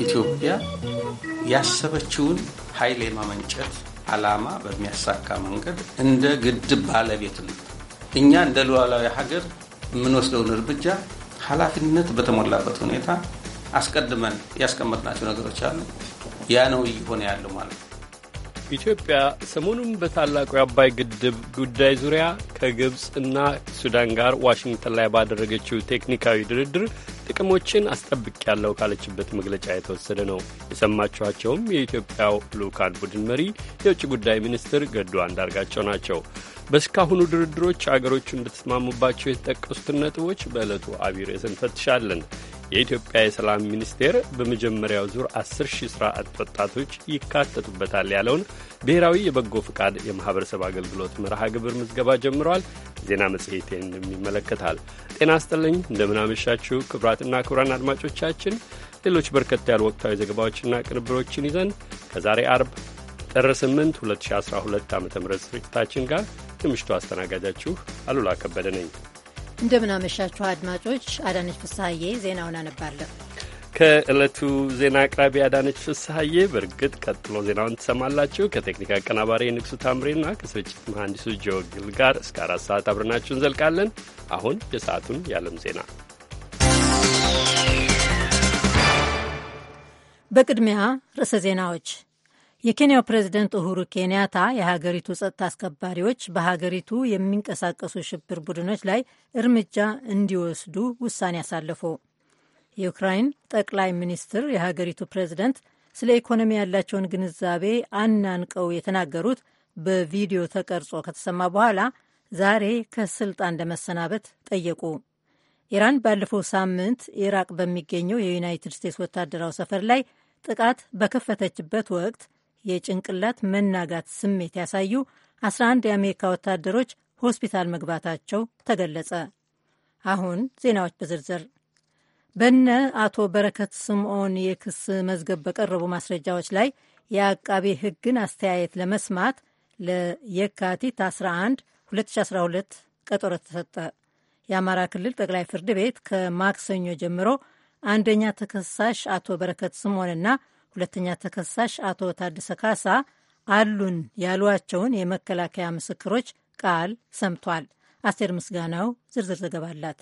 ኢትዮጵያ ያሰበችውን ኃይል የማመንጨት ዓላማ በሚያሳካ መንገድ እንደ ግድብ ባለቤት እኛ እንደ ሉዓላዊ ሀገር የምንወስደውን እርምጃ ኃላፊነት በተሞላበት ሁኔታ አስቀድመን ያስቀመጥናቸው ነገሮች አሉ። ያ ነው እየሆነ ያለው ማለት ነው። ኢትዮጵያ ሰሞኑን በታላቁ የአባይ ግድብ ጉዳይ ዙሪያ ከግብፅ እና ሱዳን ጋር ዋሽንግተን ላይ ባደረገችው ቴክኒካዊ ድርድር ጥቅሞችን አስጠብቅ ያለው ካለችበት መግለጫ የተወሰደ ነው። የሰማችኋቸውም የኢትዮጵያው ልዑካን ቡድን መሪ የውጭ ጉዳይ ሚኒስትር ገዱ አንዳርጋቸው ናቸው። በእስካሁኑ ድርድሮች አገሮቹ እንደተስማሙባቸው የተጠቀሱትን ነጥቦች በዕለቱ አቢይ እንፈትሻለን። የኢትዮጵያ የሰላም ሚኒስቴር በመጀመሪያው ዙር 10 ሺህ ሥራ አጥ ወጣቶች ይካተቱበታል ያለውን ብሔራዊ የበጎ ፍቃድ የማኅበረሰብ አገልግሎት መርሃ ግብር ምዝገባ ጀምሯል ዜና መጽሔቴን ይመለከታል። ጤና ይስጥልኝ፣ እንደምናመሻችሁ ክቡራትና ክቡራን አድማጮቻችን ሌሎች በርከት ያሉ ወቅታዊ ዘገባዎችና ቅንብሮችን ይዘን ከዛሬ አርብ ጥር 8 2012 ዓ ም ስርጭታችን ጋር የምሽቱ አስተናጋጃችሁ አሉላ ከበደ ነኝ። እንደምናመሻችሁ አድማጮች፣ አዳነች ፍስሐዬ ዜናውን አነባለሁ። ከእለቱ ዜና አቅራቢ አዳነች ፍስሐዬ። በእርግጥ ቀጥሎ ዜናውን ትሰማላችሁ። ከቴክኒክ አቀናባሪ ንጉሱ ታምሬና ከስርጭት መሐንዲሱ ጆግል ጋር እስከ አራት ሰዓት አብረናችሁ እንዘልቃለን። አሁን የሰዓቱን የዓለም ዜና በቅድሚያ ርዕሰ ዜናዎች የኬንያው ፕሬዝደንት ኡሁሩ ኬንያታ የሀገሪቱ ጸጥታ አስከባሪዎች በሀገሪቱ የሚንቀሳቀሱ ሽብር ቡድኖች ላይ እርምጃ እንዲወስዱ ውሳኔ አሳለፉ። የዩክራይን ጠቅላይ ሚኒስትር የሀገሪቱ ፕሬዝደንት ስለ ኢኮኖሚ ያላቸውን ግንዛቤ አናንቀው የተናገሩት በቪዲዮ ተቀርጾ ከተሰማ በኋላ ዛሬ ከስልጣን ለመሰናበት ጠየቁ። ኢራን ባለፈው ሳምንት ኢራቅ በሚገኘው የዩናይትድ ስቴትስ ወታደራዊ ሰፈር ላይ ጥቃት በከፈተችበት ወቅት የጭንቅላት መናጋት ስሜት ያሳዩ 11 የአሜሪካ ወታደሮች ሆስፒታል መግባታቸው ተገለጸ። አሁን ዜናዎች በዝርዝር በነ አቶ በረከት ስምዖን የክስ መዝገብ በቀረቡ ማስረጃዎች ላይ የአቃቤ ሕግን አስተያየት ለመስማት ለየካቲት 11 2012 ቀጠሮ ተሰጠ። የአማራ ክልል ጠቅላይ ፍርድ ቤት ከማክሰኞ ጀምሮ አንደኛ ተከሳሽ አቶ በረከት ስምዖንና ሁለተኛ ተከሳሽ አቶ ታደሰ ካሳ አሉን ያሏቸውን የመከላከያ ምስክሮች ቃል ሰምቷል። አስቴር ምስጋናው ዝርዝር ዘገባ አላት።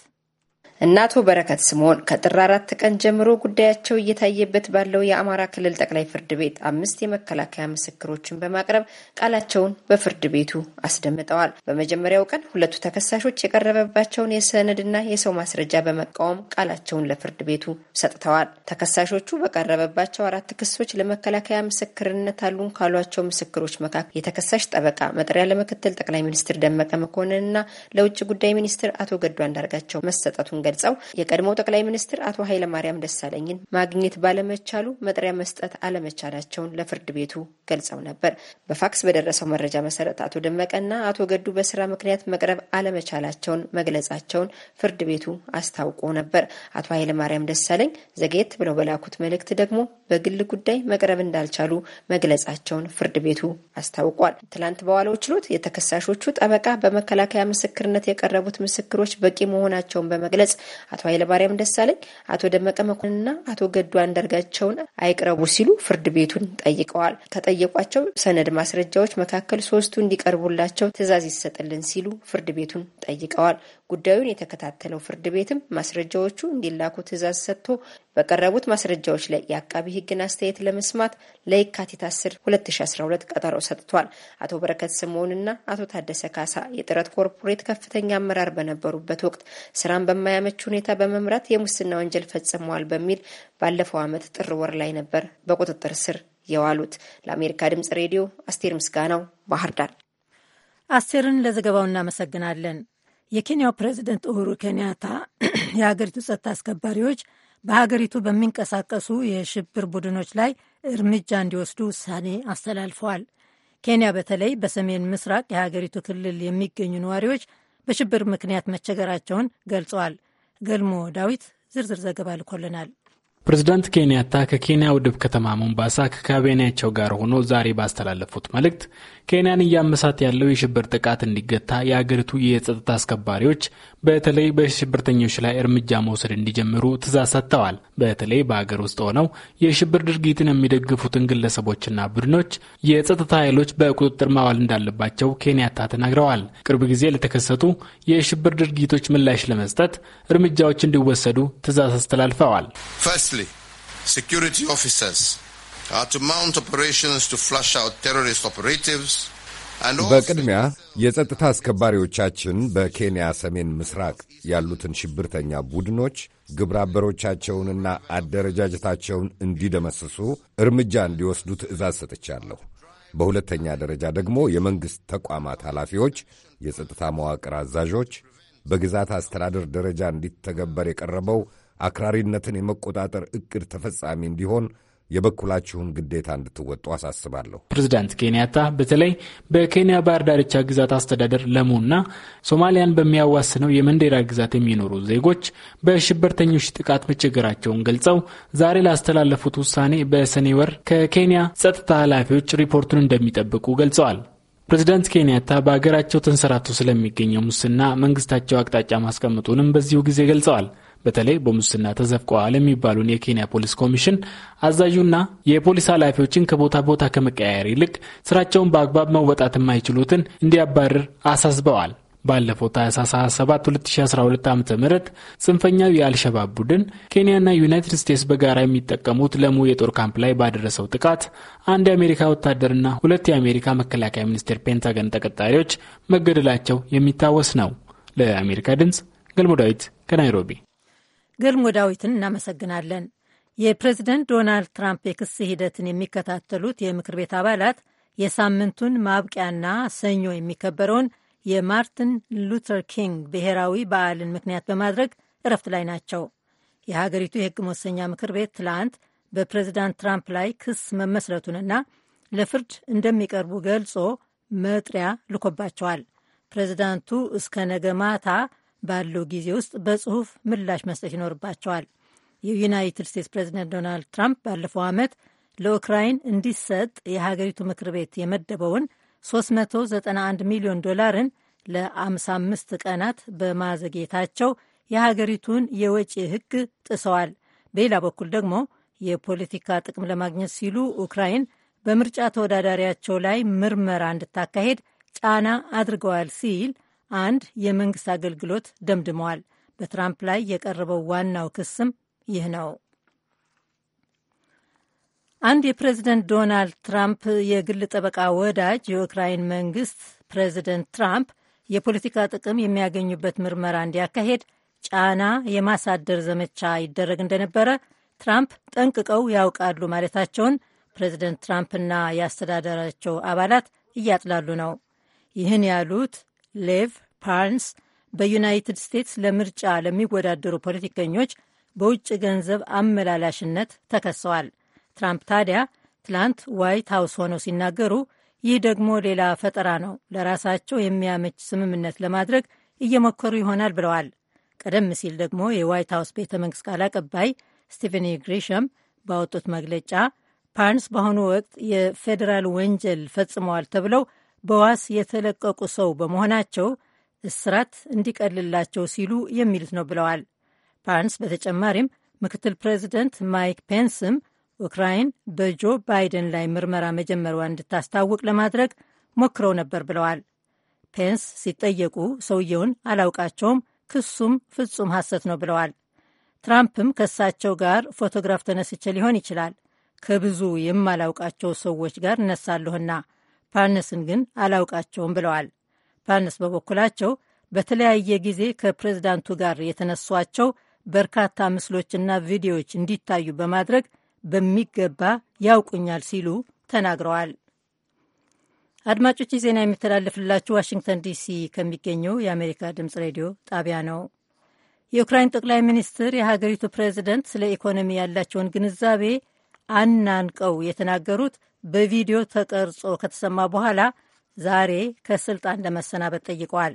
እነ አቶ በረከት ስምኦን ከጥር አራት ቀን ጀምሮ ጉዳያቸው እየታየበት ባለው የአማራ ክልል ጠቅላይ ፍርድ ቤት አምስት የመከላከያ ምስክሮችን በማቅረብ ቃላቸውን በፍርድ ቤቱ አስደምጠዋል። በመጀመሪያው ቀን ሁለቱ ተከሳሾች የቀረበባቸውን የሰነድና የሰው ማስረጃ በመቃወም ቃላቸውን ለፍርድ ቤቱ ሰጥተዋል። ተከሳሾቹ በቀረበባቸው አራት ክሶች ለመከላከያ ምስክርነት አሉን ካሏቸው ምስክሮች መካከል የተከሳሽ ጠበቃ መጠሪያ ለምክትል ጠቅላይ ሚኒስትር ደመቀ መኮንንና ለውጭ ጉዳይ ሚኒስትር አቶ ገዱ አንዳርጋቸው መሰጠቱን ገልጸው የቀድሞ ጠቅላይ ሚኒስትር አቶ ኃይለማርያም ደሳለኝን ማግኘት ባለመቻሉ መጥሪያ መስጠት አለመቻላቸውን ለፍርድ ቤቱ ገልጸው ነበር። በፋክስ በደረሰው መረጃ መሰረት አቶ ደመቀና አቶ ገዱ በስራ ምክንያት መቅረብ አለመቻላቸውን መግለጻቸውን ፍርድ ቤቱ አስታውቆ ነበር። አቶ ኃይለማርያም ደሳለኝ ዘግየት ብለው በላኩት መልእክት ደግሞ በግል ጉዳይ መቅረብ እንዳልቻሉ መግለጻቸውን ፍርድ ቤቱ አስታውቋል። ትላንት በዋለው ችሎት የተከሳሾቹ ጠበቃ በመከላከያ ምስክርነት የቀረቡት ምስክሮች በቂ መሆናቸውን በመግለጽ አቶ ኃይለማርያም ደሳለኝ፣ አቶ ደመቀ መኮንንና አቶ ገዱ አንዳርጋቸውን አይቅረቡ ሲሉ ፍርድ ቤቱን ጠይቀዋል። ከጠየቋቸው ሰነድ ማስረጃዎች መካከል ሶስቱ እንዲቀርቡላቸው ትዕዛዝ ይሰጥልን ሲሉ ፍርድ ቤቱን ጠይቀዋል። ጉዳዩን የተከታተለው ፍርድ ቤትም ማስረጃዎቹ እንዲላኩ ትዕዛዝ ሰጥቶ በቀረቡት ማስረጃዎች ላይ የአቃቢ ሕግን አስተያየት ለመስማት ለየካቲት 10 2012 ቀጠሮ ሰጥቷል። አቶ በረከት ስምዖንና አቶ ታደሰ ካሳ የጥረት ኮርፖሬት ከፍተኛ አመራር በነበሩበት ወቅት ስራን በማያመች ሁኔታ በመምራት የሙስና ወንጀል ፈጽመዋል በሚል ባለፈው ዓመት ጥር ወር ላይ ነበር በቁጥጥር ስር የዋሉት። ለአሜሪካ ድምጽ ሬዲዮ አስቴር ምስጋናው ባህር ዳር። አስቴርን ለዘገባው እናመሰግናለን። የኬንያው ፕሬዚደንት ኡሁሩ ኬንያታ የሀገሪቱ ጸጥታ አስከባሪዎች በሀገሪቱ በሚንቀሳቀሱ የሽብር ቡድኖች ላይ እርምጃ እንዲወስዱ ውሳኔ አስተላልፈዋል። ኬንያ በተለይ በሰሜን ምስራቅ የሀገሪቱ ክልል የሚገኙ ነዋሪዎች በሽብር ምክንያት መቸገራቸውን ገልጸዋል። ገልሞ ዳዊት ዝርዝር ዘገባ ልኮልናል። ፕሬዝዳንት ኬንያታ ከኬንያ ውድብ ከተማ ሞምባሳ ከካቢኔያቸው ጋር ሆኖ ዛሬ ባስተላለፉት መልእክት ኬንያን እያመሳት ያለው የሽብር ጥቃት እንዲገታ የአገሪቱ የጸጥታ አስከባሪዎች በተለይ በሽብርተኞች ላይ እርምጃ መውሰድ እንዲጀምሩ ትእዛዝ ሰጥተዋል። በተለይ በአገር ውስጥ ሆነው የሽብር ድርጊትን የሚደግፉትን ግለሰቦችና ቡድኖች የጸጥታ ኃይሎች በቁጥጥር ማዋል እንዳለባቸው ኬንያታ ተናግረዋል። ቅርብ ጊዜ ለተከሰቱ የሽብር ድርጊቶች ምላሽ ለመስጠት እርምጃዎች እንዲወሰዱ ትእዛዝ አስተላልፈዋል። security ኦፊሰርስ are to mount operations to flush በቅድሚያ የጸጥታ አስከባሪዎቻችን በኬንያ ሰሜን ምስራቅ ያሉትን ሽብርተኛ ቡድኖች ግብረ አደረጃጀታቸውን እንዲደመስሱ እርምጃ እንዲወስዱ ትዕዛዝ ሰጥቻለሁ። በሁለተኛ ደረጃ ደግሞ የመንግሥት ተቋማት ኃላፊዎች፣ የጸጥታ መዋቅር አዛዦች በግዛት አስተዳደር ደረጃ እንዲተገበር የቀረበው አክራሪነትን የመቆጣጠር ዕቅድ ተፈጻሚ እንዲሆን የበኩላችሁን ግዴታ እንድትወጡ አሳስባለሁ። ፕሬዚዳንት ኬንያታ በተለይ በኬንያ ባህር ዳርቻ ግዛት አስተዳደር ለሙና ሶማሊያን በሚያዋስነው የመንዴራ ግዛት የሚኖሩ ዜጎች በሽብርተኞች ጥቃት መቸገራቸውን ገልጸው ዛሬ ላስተላለፉት ውሳኔ በሰኔ ወር ከኬንያ ጸጥታ ኃላፊዎች ሪፖርቱን እንደሚጠብቁ ገልጸዋል። ፕሬዚዳንት ኬንያታ በሀገራቸው ተንሰራቶ ስለሚገኘው ሙስና መንግስታቸው አቅጣጫ ማስቀምጡንም በዚሁ ጊዜ ገልጸዋል። በተለይ በሙስና ተዘፍቀዋል የሚባሉን የኬንያ ፖሊስ ኮሚሽን አዛዡና የፖሊስ ኃላፊዎችን ከቦታ ቦታ ከመቀያየር ይልቅ ስራቸውን በአግባብ መወጣት የማይችሉትን እንዲያባርር አሳስበዋል። ባለፈው ታህሳስ 27 2012 ዓ ም ጽንፈኛው የአልሸባብ ቡድን ኬንያና ዩናይትድ ስቴትስ በጋራ የሚጠቀሙት ለሙ የጦር ካምፕ ላይ ባደረሰው ጥቃት አንድ የአሜሪካ ወታደርና ሁለት የአሜሪካ መከላከያ ሚኒስቴር ፔንታገን ተቀጣሪዎች መገደላቸው የሚታወስ ነው። ለአሜሪካ ድምፅ ገልሞ ዳዊት ከናይሮቢ ገልሞ ዳዊትን እናመሰግናለን። የፕሬዝደንት ዶናልድ ትራምፕ የክስ ሂደትን የሚከታተሉት የምክር ቤት አባላት የሳምንቱን ማብቂያና ሰኞ የሚከበረውን የማርቲን ሉተር ኪንግ ብሔራዊ በዓልን ምክንያት በማድረግ እረፍት ላይ ናቸው። የሀገሪቱ የሕግ መወሰኛ ምክር ቤት ትላንት በፕሬዚዳንት ትራምፕ ላይ ክስ መመስረቱንና ለፍርድ እንደሚቀርቡ ገልጾ መጥሪያ ልኮባቸዋል። ፕሬዚዳንቱ እስከ ነገ ማታ ባለው ጊዜ ውስጥ በጽሁፍ ምላሽ መስጠት ይኖርባቸዋል። የዩናይትድ ስቴትስ ፕሬዚደንት ዶናልድ ትራምፕ ባለፈው ዓመት ለኡክራይን እንዲሰጥ የሀገሪቱ ምክር ቤት የመደበውን 391 ሚሊዮን ዶላርን ለ55 ቀናት በማዘግየታቸው የሀገሪቱን የወጪ ሕግ ጥሰዋል። በሌላ በኩል ደግሞ የፖለቲካ ጥቅም ለማግኘት ሲሉ ኡክራይን በምርጫ ተወዳዳሪያቸው ላይ ምርመራ እንድታካሄድ ጫና አድርገዋል ሲል አንድ የመንግስት አገልግሎት ደምድመዋል። በትራምፕ ላይ የቀረበው ዋናው ክስም ይህ ነው። አንድ የፕሬዚደንት ዶናልድ ትራምፕ የግል ጠበቃ ወዳጅ የዩክራይን መንግስት ፕሬዚደንት ትራምፕ የፖለቲካ ጥቅም የሚያገኙበት ምርመራ እንዲያካሄድ ጫና የማሳደር ዘመቻ ይደረግ እንደነበረ ትራምፕ ጠንቅቀው ያውቃሉ ማለታቸውን ፕሬዚደንት ትራምፕና የአስተዳደራቸው አባላት እያጥላሉ ነው። ይህን ያሉት ሌቭ ፓርንስ በዩናይትድ ስቴትስ ለምርጫ ለሚወዳደሩ ፖለቲከኞች በውጭ ገንዘብ አመላላሽነት ተከሰዋል። ትራምፕ ታዲያ ትላንት ዋይት ሀውስ ሆነው ሲናገሩ ይህ ደግሞ ሌላ ፈጠራ ነው፣ ለራሳቸው የሚያመች ስምምነት ለማድረግ እየሞከሩ ይሆናል ብለዋል። ቀደም ሲል ደግሞ የዋይት ሀውስ ቤተ መንግስት ቃል አቀባይ ስቲቨን ግሪሸም ባወጡት መግለጫ ፓርንስ በአሁኑ ወቅት የፌዴራል ወንጀል ፈጽመዋል ተብለው በዋስ የተለቀቁ ሰው በመሆናቸው እስራት እንዲቀልላቸው ሲሉ የሚሉት ነው ብለዋል። ፓንስ በተጨማሪም ምክትል ፕሬዚደንት ማይክ ፔንስም ኡክራይን በጆ ባይደን ላይ ምርመራ መጀመሯ እንድታስታውቅ ለማድረግ ሞክረው ነበር ብለዋል። ፔንስ ሲጠየቁ ሰውየውን አላውቃቸውም፣ ክሱም ፍጹም ሐሰት ነው ብለዋል። ትራምፕም ከእሳቸው ጋር ፎቶግራፍ ተነስቼ ሊሆን ይችላል ከብዙ የማላውቃቸው ሰዎች ጋር እነሳለሁና ፓርነስን ግን አላውቃቸውም ብለዋል። ፓርነስ በበኩላቸው በተለያየ ጊዜ ከፕሬዝዳንቱ ጋር የተነሷቸው በርካታ ምስሎችና ቪዲዮዎች እንዲታዩ በማድረግ በሚገባ ያውቁኛል ሲሉ ተናግረዋል። አድማጮች፣ ዜና የሚተላለፍላችሁ ዋሽንግተን ዲሲ ከሚገኘው የአሜሪካ ድምፅ ሬዲዮ ጣቢያ ነው። የዩክራይን ጠቅላይ ሚኒስትር የሀገሪቱ ፕሬዚደንት ስለ ኢኮኖሚ ያላቸውን ግንዛቤ አናንቀው የተናገሩት በቪዲዮ ተቀርጾ ከተሰማ በኋላ ዛሬ ከስልጣን ለመሰናበት ጠይቀዋል።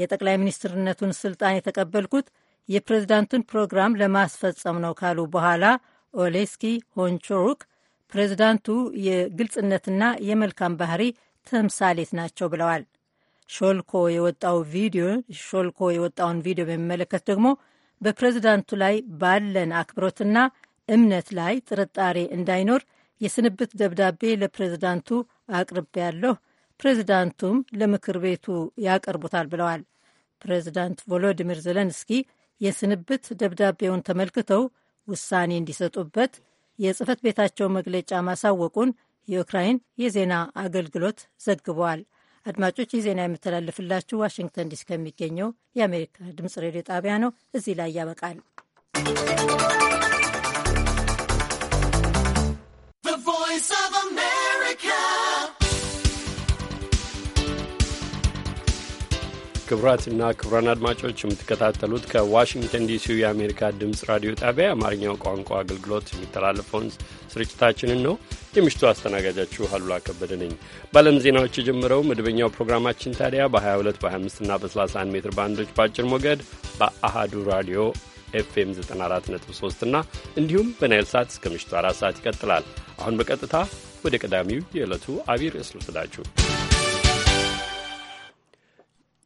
የጠቅላይ ሚኒስትርነቱን ስልጣን የተቀበልኩት የፕሬዝዳንቱን ፕሮግራም ለማስፈጸም ነው ካሉ በኋላ ኦሌስኪ ሆንቾሩክ ፕሬዝዳንቱ የግልጽነትና የመልካም ባህሪ ተምሳሌት ናቸው ብለዋል። ሾልኮ የወጣው ቪዲዮ ሾልኮ የወጣውን ቪዲዮ በሚመለከት ደግሞ በፕሬዝዳንቱ ላይ ባለን አክብሮትና እምነት ላይ ጥርጣሬ እንዳይኖር የስንብት ደብዳቤ ለፕሬዝዳንቱ ያለሁ ፕሬዝዳንቱም ለምክር ቤቱ ያቀርቡታል ብለዋል። ፕሬዝዳንት ቮሎዲሚር ዘለንስኪ የስንብት ደብዳቤውን ተመልክተው ውሳኔ እንዲሰጡበት የጽህፈት ቤታቸው መግለጫ ማሳወቁን የዩክራይን የዜና አገልግሎት ዘግበዋል። አድማጮች ይህ ዜና የምተላለፍላችሁ ዋሽንግተን ዲሲ ከሚገኘው የአሜሪካ ድምጽ ሬዲዮ ጣቢያ ነው። እዚህ ላይ ያበቃል። Voice of America. ክቡራትና ክቡራን አድማጮች የምትከታተሉት ከዋሽንግተን ዲሲ የአሜሪካ ድምፅ ራዲዮ ጣቢያ የአማርኛው ቋንቋ አገልግሎት የሚተላለፈውን ስርጭታችንን ነው። የምሽቱ አስተናጋጃችሁ አሉላ ከበደ ነኝ። በዓለም ዜናዎች የጀመረው መደበኛው ፕሮግራማችን ታዲያ በ22 በ25ና በ31 ሜትር ባንዶች በአጭር ሞገድ በአሃዱ ራዲዮ ኤፍኤም 94.3 እና እንዲሁም በናይል ሳት እስከ ምሽቱ አራት ሰዓት ይቀጥላል። አሁን በቀጥታ ወደ ቀዳሚው የዕለቱ አቢይ ርዕስ ልውሰዳችሁ።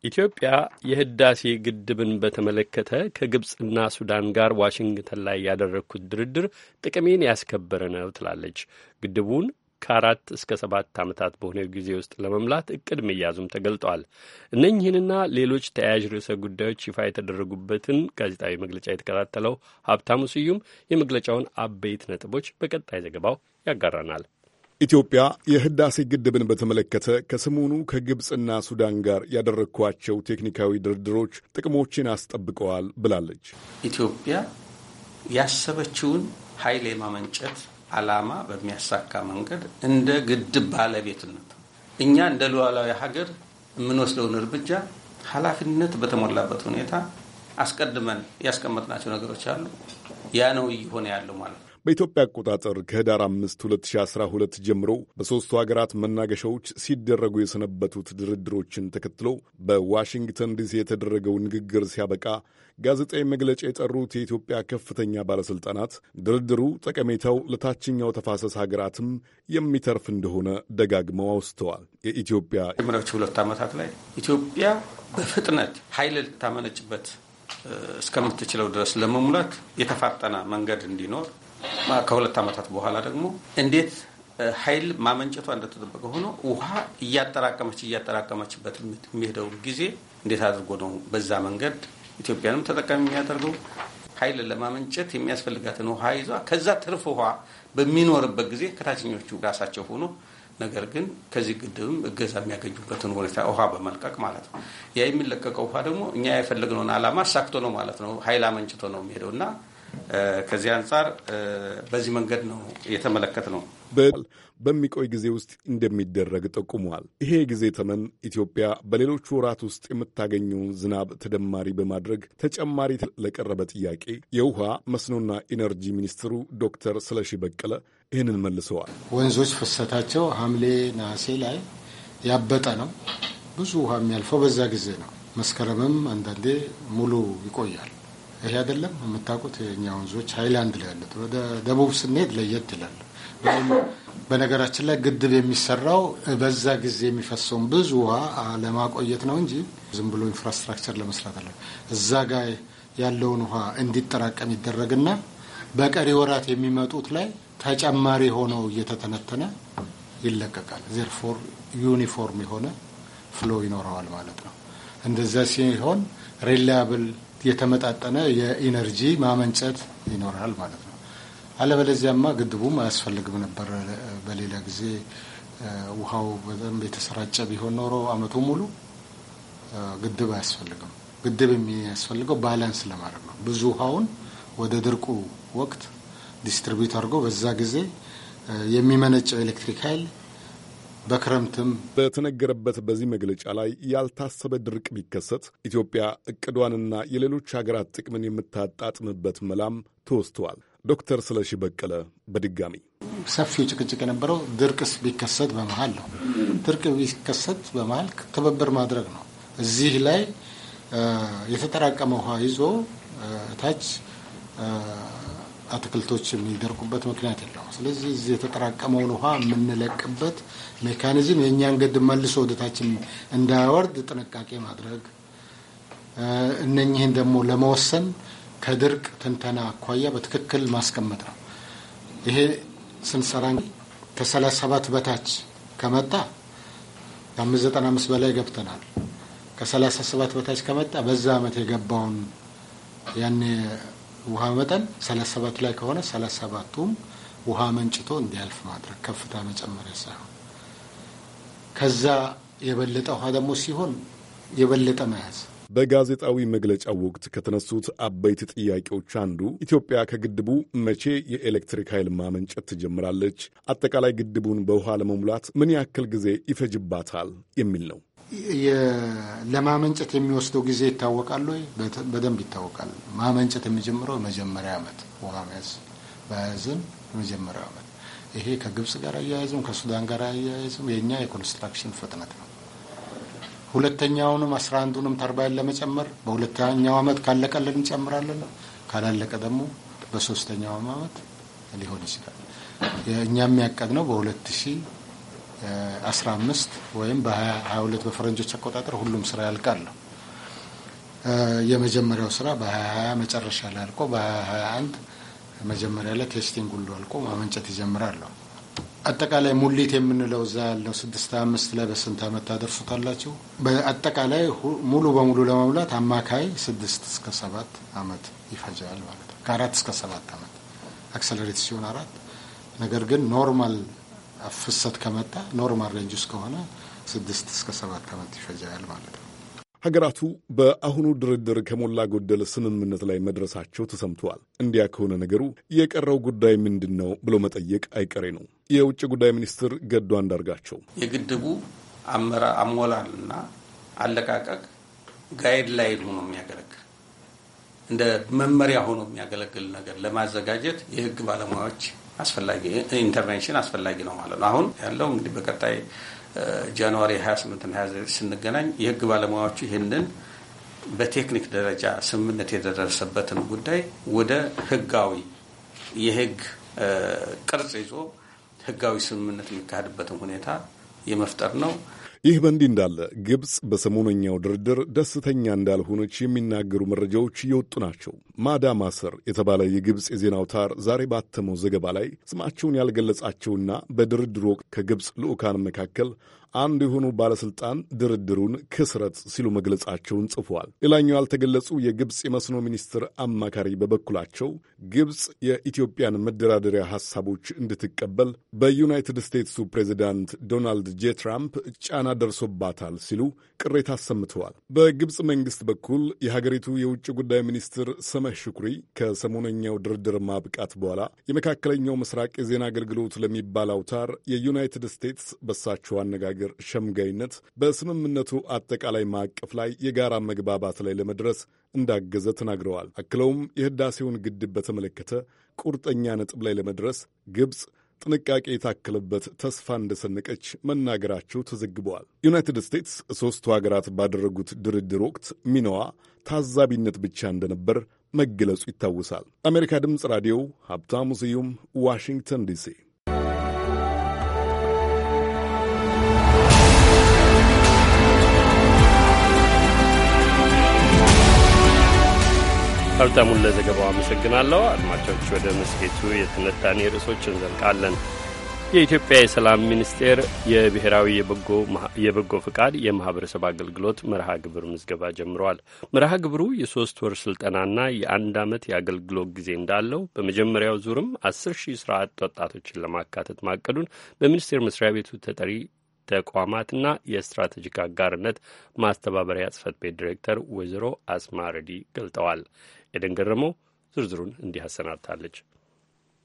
ኢትዮጵያ የህዳሴ ግድብን በተመለከተ ከግብፅና ሱዳን ጋር ዋሽንግተን ላይ ያደረግኩት ድርድር ጥቅሜን ያስከበረ ነው ትላለች። ግድቡን ከአራት እስከ ሰባት ዓመታት በሆነ ጊዜ ውስጥ ለመምላት እቅድ መያዙም ተገልጧል። እነኚህንና ሌሎች ተያያዥ ርዕሰ ጉዳዮች ይፋ የተደረጉበትን ጋዜጣዊ መግለጫ የተከታተለው ሀብታሙ ስዩም የመግለጫውን አበይት ነጥቦች በቀጣይ ዘገባው ያጋራናል። ኢትዮጵያ የህዳሴ ግድብን በተመለከተ ከሰሞኑ ከግብፅና ሱዳን ጋር ያደረግኳቸው ቴክኒካዊ ድርድሮች ጥቅሞችን አስጠብቀዋል ብላለች። ኢትዮጵያ ያሰበችውን ኃይል የማመንጨት ዓላማ በሚያሳካ መንገድ እንደ ግድብ ባለቤትነት እኛ እንደ ሉዓላዊ ሀገር የምንወስደውን እርምጃ ኃላፊነት በተሞላበት ሁኔታ አስቀድመን ያስቀመጥናቸው ነገሮች አሉ። ያ ነው እየሆነ ያለው ማለት ነው። በኢትዮጵያ አቆጣጠር ከህዳር 5 2012 ጀምሮ በሦስቱ ሀገራት መናገሻዎች ሲደረጉ የሰነበቱት ድርድሮችን ተከትሎ በዋሽንግተን ዲሲ የተደረገው ንግግር ሲያበቃ ጋዜጣዊ መግለጫ የጠሩት የኢትዮጵያ ከፍተኛ ባለሥልጣናት ድርድሩ ጠቀሜታው ለታችኛው ተፋሰስ ሀገራትም የሚተርፍ እንደሆነ ደጋግመው አውስተዋል። የኢትዮጵያ የመሪዎች ሁለት ዓመታት ላይ ኢትዮጵያ በፍጥነት ኃይል ልታመነጭበት እስከምትችለው ድረስ ለመሙላት የተፋጠነ መንገድ እንዲኖር ከሁለት ዓመታት በኋላ ደግሞ እንዴት ኃይል ማመንጨቷ እንደተጠበቀ ሆኖ ውሃ እያጠራቀመች እያጠራቀመችበት የሚሄደው ጊዜ እንዴት አድርጎ ነው በዛ መንገድ ኢትዮጵያንም ተጠቃሚ የሚያደርገው ኃይል ለማመንጨት የሚያስፈልጋትን ውሃ ይዟ ከዛ ትርፍ ውሃ በሚኖርበት ጊዜ ከታችኞቹ ራሳቸው ሆኖ ነገር ግን ከዚህ ግድብም እገዛ የሚያገኙበትን ሁኔታ ውሃ በመልቀቅ ማለት ነው። ያ የሚለቀቀው ውሃ ደግሞ እኛ የፈለግነውን ዓላማ አሳክቶ ነው ማለት ነው ኃይል አመንጭቶ ነው የሚሄደው እና ከዚህ አንጻር በዚህ መንገድ ነው የተመለከት ነው በሚቆይ ጊዜ ውስጥ እንደሚደረግ ጠቁመዋል። ይሄ ጊዜ ተመን ኢትዮጵያ በሌሎቹ ወራት ውስጥ የምታገኘውን ዝናብ ተደማሪ በማድረግ ተጨማሪ ለቀረበ ጥያቄ የውሃ መስኖና ኢነርጂ ሚኒስትሩ ዶክተር ስለሺ በቀለ ይህንን መልሰዋል። ወንዞች ፍሰታቸው ሐምሌ ነሐሴ ላይ ያበጠ ነው። ብዙ ውሃ የሚያልፈው በዛ ጊዜ ነው። መስከረምም አንዳንዴ ሙሉ ይቆያል። ይሄ አይደለም የምታውቁት የኛ ወንዞች ሀይላንድ ላይ ያሉት። ወደ ደቡብ ስንሄድ ለየት ይላል። በነገራችን ላይ ግድብ የሚሰራው በዛ ጊዜ የሚፈሰውን ብዙ ውሃ ለማቆየት ነው እንጂ ዝም ብሎ ኢንፍራስትራክቸር ለመስራት አለ። እዛ ጋር ያለውን ውሃ እንዲጠራቀም ይደረግና በቀሪ ወራት የሚመጡት ላይ ተጨማሪ ሆነው እየተተነተነ ይለቀቃል። ዜርፎር ዩኒፎርም የሆነ ፍሎ ይኖረዋል ማለት ነው። እንደዛ ሲሆን ሪላያብል የተመጣጠነ የኢነርጂ ማመንጨት ይኖራል ማለት ነው። አለበለዚያማ ግድቡም አያስፈልግም ነበር። በሌላ ጊዜ ውሃው በደንብ የተሰራጨ ቢሆን ኖሮ አመቱ ሙሉ ግድብ አያስፈልግም። ግድብ የሚያስፈልገው ባላንስ ለማድረግ ነው። ብዙ ውሃውን ወደ ድርቁ ወቅት ዲስትሪቢዩት አድርጎ በዛ ጊዜ የሚመነጨው ኤሌክትሪክ ኃይል በክረምትም በተነገረበት በዚህ መግለጫ ላይ ያልታሰበ ድርቅ ቢከሰት ኢትዮጵያ እቅዷንና የሌሎች ሀገራት ጥቅምን የምታጣጥምበት መላም ተወስተዋል። ዶክተር ስለሺ በቀለ በድጋሚ ሰፊው ጭቅጭቅ የነበረው ድርቅስ ቢከሰት በመሀል ነው። ድርቅ ቢከሰት በመሀል ትብብር ማድረግ ነው። እዚህ ላይ የተጠራቀመ ውሃ ይዞ ታች አትክልቶች የሚደርቁበት ምክንያት የለውም። ስለዚህ እዚህ የተጠራቀመውን ውሃ የምንለቅበት ሜካኒዝም የእኛን ገድ መልሶ ወደታችን እንዳያወርድ ጥንቃቄ ማድረግ እነኚህን ደግሞ ለመወሰን ከድርቅ ትንተና አኳያ በትክክል ማስቀመጥ ነው። ይሄ ስንሰራ ከሰላሳ ሰባት በታች ከመጣ ከአምስት ዘጠና አምስት በላይ ገብተናል። ከሰላሳ ሰባት በታች ከመጣ በዛ ዓመት የገባውን ያኔ ውሃ መጠን 37 ላይ ከሆነ 37ቱም ውሃ መንጭቶ እንዲያልፍ ማድረግ ከፍታ መጨመሪያ ሳይሆን ከዛ የበለጠ ውሃ ደግሞ ሲሆን የበለጠ መያዝ። በጋዜጣዊ መግለጫው ወቅት ከተነሱት አበይት ጥያቄዎች አንዱ ኢትዮጵያ ከግድቡ መቼ የኤሌክትሪክ ኃይል ማመንጨት ትጀምራለች፣ አጠቃላይ ግድቡን በውሃ ለመሙላት ምን ያክል ጊዜ ይፈጅባታል የሚል ነው። ለማመንጨት የሚወስደው ጊዜ ይታወቃል ወይ? በደንብ ይታወቃል። ማመንጨት የሚጀምረው የመጀመሪያ ዓመት ውሃ መያዝ በያዝም የመጀመሪያ ዓመት ይሄ ከግብጽ ጋር አያያዝም ከሱዳን ጋር አያያዝም የእኛ የኮንስትራክሽን ፍጥነት ነው። ሁለተኛውንም አስራ አንዱንም ተርባይን ለመጨመር በሁለተኛው ዓመት ካለቀልን እንጨምራለን። ካላለቀ ደግሞ በሶስተኛውም ዓመት ሊሆን ይችላል። እኛ የሚያቀድ ነው በሁለት ሺህ 15 ወይም በ2022 በፈረንጆች አቆጣጠር ሁሉም ስራ ያልቃለሁ። የመጀመሪያው ስራ በ2020 መጨረሻ ላይ አልቆ በ2021 መጀመሪያ ላይ ቴስቲንግ ሁሉ አልቆ ማመንጨት ይጀምራለሁ። አጠቃላይ ሙሊት የምንለው እዛ ያለው ስድስት አምስት ላይ በስንት አመት ታደርሱታላችሁ? በአጠቃላይ ሙሉ በሙሉ ለመሙላት አማካይ ስድስት እስከ ሰባት አመት ይፈጃል ማለት ነው። ከአራት እስከ ሰባት ዓመት አክሰለሬት ሲሆን አራት ነገር ግን ኖርማል ፍሰት ከመጣ ኖርማል ሬንጅ እስከሆነ ከሆነ ስድስት እስከ ሰባት ዓመት ይፈጃል ማለት ነው። ሀገራቱ በአሁኑ ድርድር ከሞላ ጎደል ስምምነት ላይ መድረሳቸው ተሰምተዋል። እንዲያ ከሆነ ነገሩ የቀረው ጉዳይ ምንድን ነው ብሎ መጠየቅ አይቀሬ ነው። የውጭ ጉዳይ ሚኒስትር ገዱ አንዳርጋቸው የግድቡ አሞላልና አለቃቀቅ ጋይድ ላይን ሆኖ የሚያገለግል እንደ መመሪያ ሆኖ የሚያገለግል ነገር ለማዘጋጀት የህግ ባለሙያዎች አስፈላጊ ኢንተርቬንሽን አስፈላጊ ነው ማለት ነው። አሁን ያለው እንግዲህ በቀጣይ ጃንዋሪ 28 29 ስንገናኝ የህግ ባለሙያዎቹ ይህንን በቴክኒክ ደረጃ ስምምነት የተደረሰበትን ጉዳይ ወደ ህጋዊ የህግ ቅርጽ ይዞ ህጋዊ ስምምነት የሚካሄድበትን ሁኔታ የመፍጠር ነው። ይህ በእንዲህ እንዳለ ግብፅ በሰሞነኛው ድርድር ደስተኛ እንዳልሆነች የሚናገሩ መረጃዎች እየወጡ ናቸው። ማዳ ማሰር የተባለ የግብፅ የዜና አውታር ዛሬ ባተመው ዘገባ ላይ ስማቸውን ያልገለጻቸውና በድርድር ወቅት ከግብፅ ልዑካን መካከል አንድ የሆኑ ባለሥልጣን ድርድሩን ክስረት ሲሉ መግለጻቸውን ጽፏል። ሌላኛው ያልተገለጹ የግብፅ የመስኖ ሚኒስትር አማካሪ በበኩላቸው ግብፅ የኢትዮጵያን መደራደሪያ ሐሳቦች እንድትቀበል በዩናይትድ ስቴትሱ ፕሬዚዳንት ዶናልድ ጄ ትራምፕ ጫና ደርሶባታል ሲሉ ቅሬታ አሰምተዋል። በግብፅ መንግሥት በኩል የሀገሪቱ የውጭ ጉዳይ ሚኒስትር ሰመህ ሽኩሪ ከሰሞነኛው ድርድር ማብቃት በኋላ የመካከለኛው ምስራቅ የዜና አገልግሎት ለሚባል አውታር የዩናይትድ ስቴትስ በሳቸው አነጋገር ሀገር ሸምጋይነት በስምምነቱ አጠቃላይ ማዕቀፍ ላይ የጋራ መግባባት ላይ ለመድረስ እንዳገዘ ተናግረዋል። አክለውም የህዳሴውን ግድብ በተመለከተ ቁርጠኛ ነጥብ ላይ ለመድረስ ግብፅ ጥንቃቄ የታከለበት ተስፋ እንደሰነቀች መናገራቸው ተዘግበዋል። ዩናይትድ ስቴትስ ሦስቱ ሀገራት ባደረጉት ድርድር ወቅት ሚናዋ ታዛቢነት ብቻ እንደነበር መገለጹ ይታወሳል። አሜሪካ ድምፅ ራዲዮ ሀብታሙ ስዩም ዋሽንግተን ዲሲ ሀብታሙን ለዘገባው አመሰግናለሁ። አድማጮች ወደ መስጌቱ የትንታኔ ርዕሶች እንዘልቃለን። የኢትዮጵያ የሰላም ሚኒስቴር የብሔራዊ የበጎ ፍቃድ የማህበረሰብ አገልግሎት መርሃ ግብር ምዝገባ ጀምረዋል። መርሃ ግብሩ የሶስት ወር ስልጠናና የአንድ ዓመት የአገልግሎት ጊዜ እንዳለው በመጀመሪያው ዙርም አስር ሺህ ስራ አጥ ወጣቶችን ለማካተት ማቀዱን በሚኒስቴር መስሪያ ቤቱ ተጠሪ ተቋማትና የስትራቴጂክ አጋርነት ማስተባበሪያ ጽህፈት ቤት ዲሬክተር ወይዘሮ አስማረዲ ገልጠዋል። ኤደን ገረመው ዝርዝሩን እንዲህ አሰናድታለች።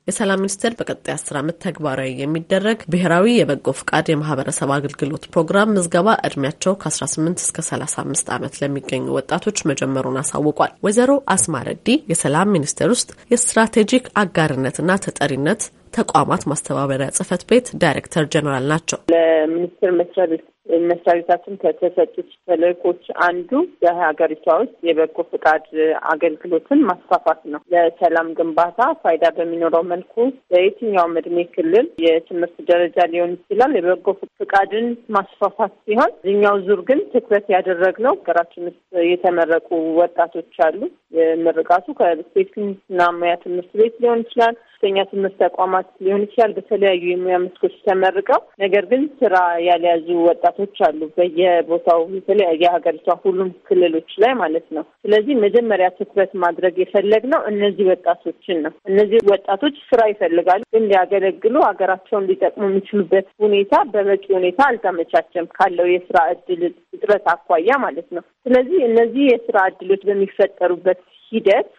የሰላም ሚኒስቴር በቀጣይ አስር ዓመት ተግባራዊ የሚደረግ ብሔራዊ የበጎ ፍቃድ የማህበረሰብ አገልግሎት ፕሮግራም ምዝገባ እድሜያቸው ከ18 እስከ 35 ዓመት ለሚገኙ ወጣቶች መጀመሩን አሳውቋል። ወይዘሮ አስማረዲ የሰላም ሚኒስቴር ውስጥ የስትራቴጂክ አጋርነትና ተጠሪነት ተቋማት ማስተባበሪያ ጽህፈት ቤት ዳይሬክተር ጀኔራል ናቸው። ለሚኒስቴር መስሪያ ቤት መስሪያ ቤታችን ከተሰጡት ተልእኮች አንዱ በሀገሪቷ ውስጥ የበጎ ፍቃድ አገልግሎትን ማስፋፋት ነው። ለሰላም ግንባታ ፋይዳ በሚኖረው መልኩ በየትኛውም እድሜ ክልል፣ የትምህርት ደረጃ ሊሆን ይችላል የበጎ ፍቃድን ማስፋፋት ሲሆን እኛው ዙር ግን ትኩረት ያደረግነው ሀገራችን ውስጥ የተመረቁ ወጣቶች አሉ። የምርቃቱ ከቴክኒክና ሙያ ትምህርት ቤት ሊሆን ይችላል ከፍተኛ ትምህርት ተቋማት ሊሆን ይችላል። በተለያዩ የሙያ መስኮች ተመርቀው ነገር ግን ስራ ያልያዙ ወጣት ጥቃቶች አሉ በየቦታው የተለያየ ሀገሪቷ ሁሉም ክልሎች ላይ ማለት ነው። ስለዚህ መጀመሪያ ትኩረት ማድረግ የፈለግነው እነዚህ ወጣቶችን ነው። እነዚህ ወጣቶች ስራ ይፈልጋሉ፣ ግን ሊያገለግሉ ሀገራቸውን ሊጠቅሙ የሚችሉበት ሁኔታ በበቂ ሁኔታ አልተመቻቸም ካለው የስራ እድል እጥረት አኳያ ማለት ነው። ስለዚህ እነዚህ የስራ እድሎች በሚፈጠሩበት ሂደት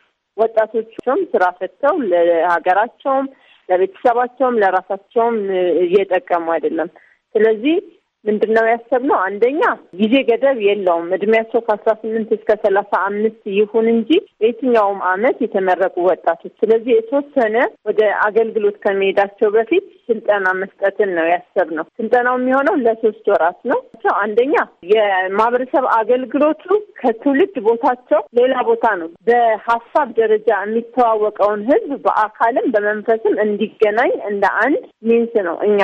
ወጣቶቹም ስራ ፈተው ለሀገራቸውም ለቤተሰባቸውም ለራሳቸውም እየጠቀሙ አይደለም። ስለዚህ ምንድን ነው ያሰብነው? አንደኛ ጊዜ ገደብ የለውም። እድሜያቸው ከአስራ ስምንት እስከ ሰላሳ አምስት ይሁን እንጂ በየትኛውም አመት የተመረቁ ወጣቶች። ስለዚህ የተወሰነ ወደ አገልግሎት ከመሄዳቸው በፊት ስልጠና መስጠትን ነው ያሰብነው። ስልጠናው የሚሆነው ለሶስት ወራት ነው። አንደኛ የማህበረሰብ አገልግሎቱ ከትውልድ ቦታቸው ሌላ ቦታ ነው። በሀሳብ ደረጃ የሚተዋወቀውን ህዝብ በአካልም በመንፈስም እንዲገናኝ እንደ አንድ ሚንስ ነው እኛ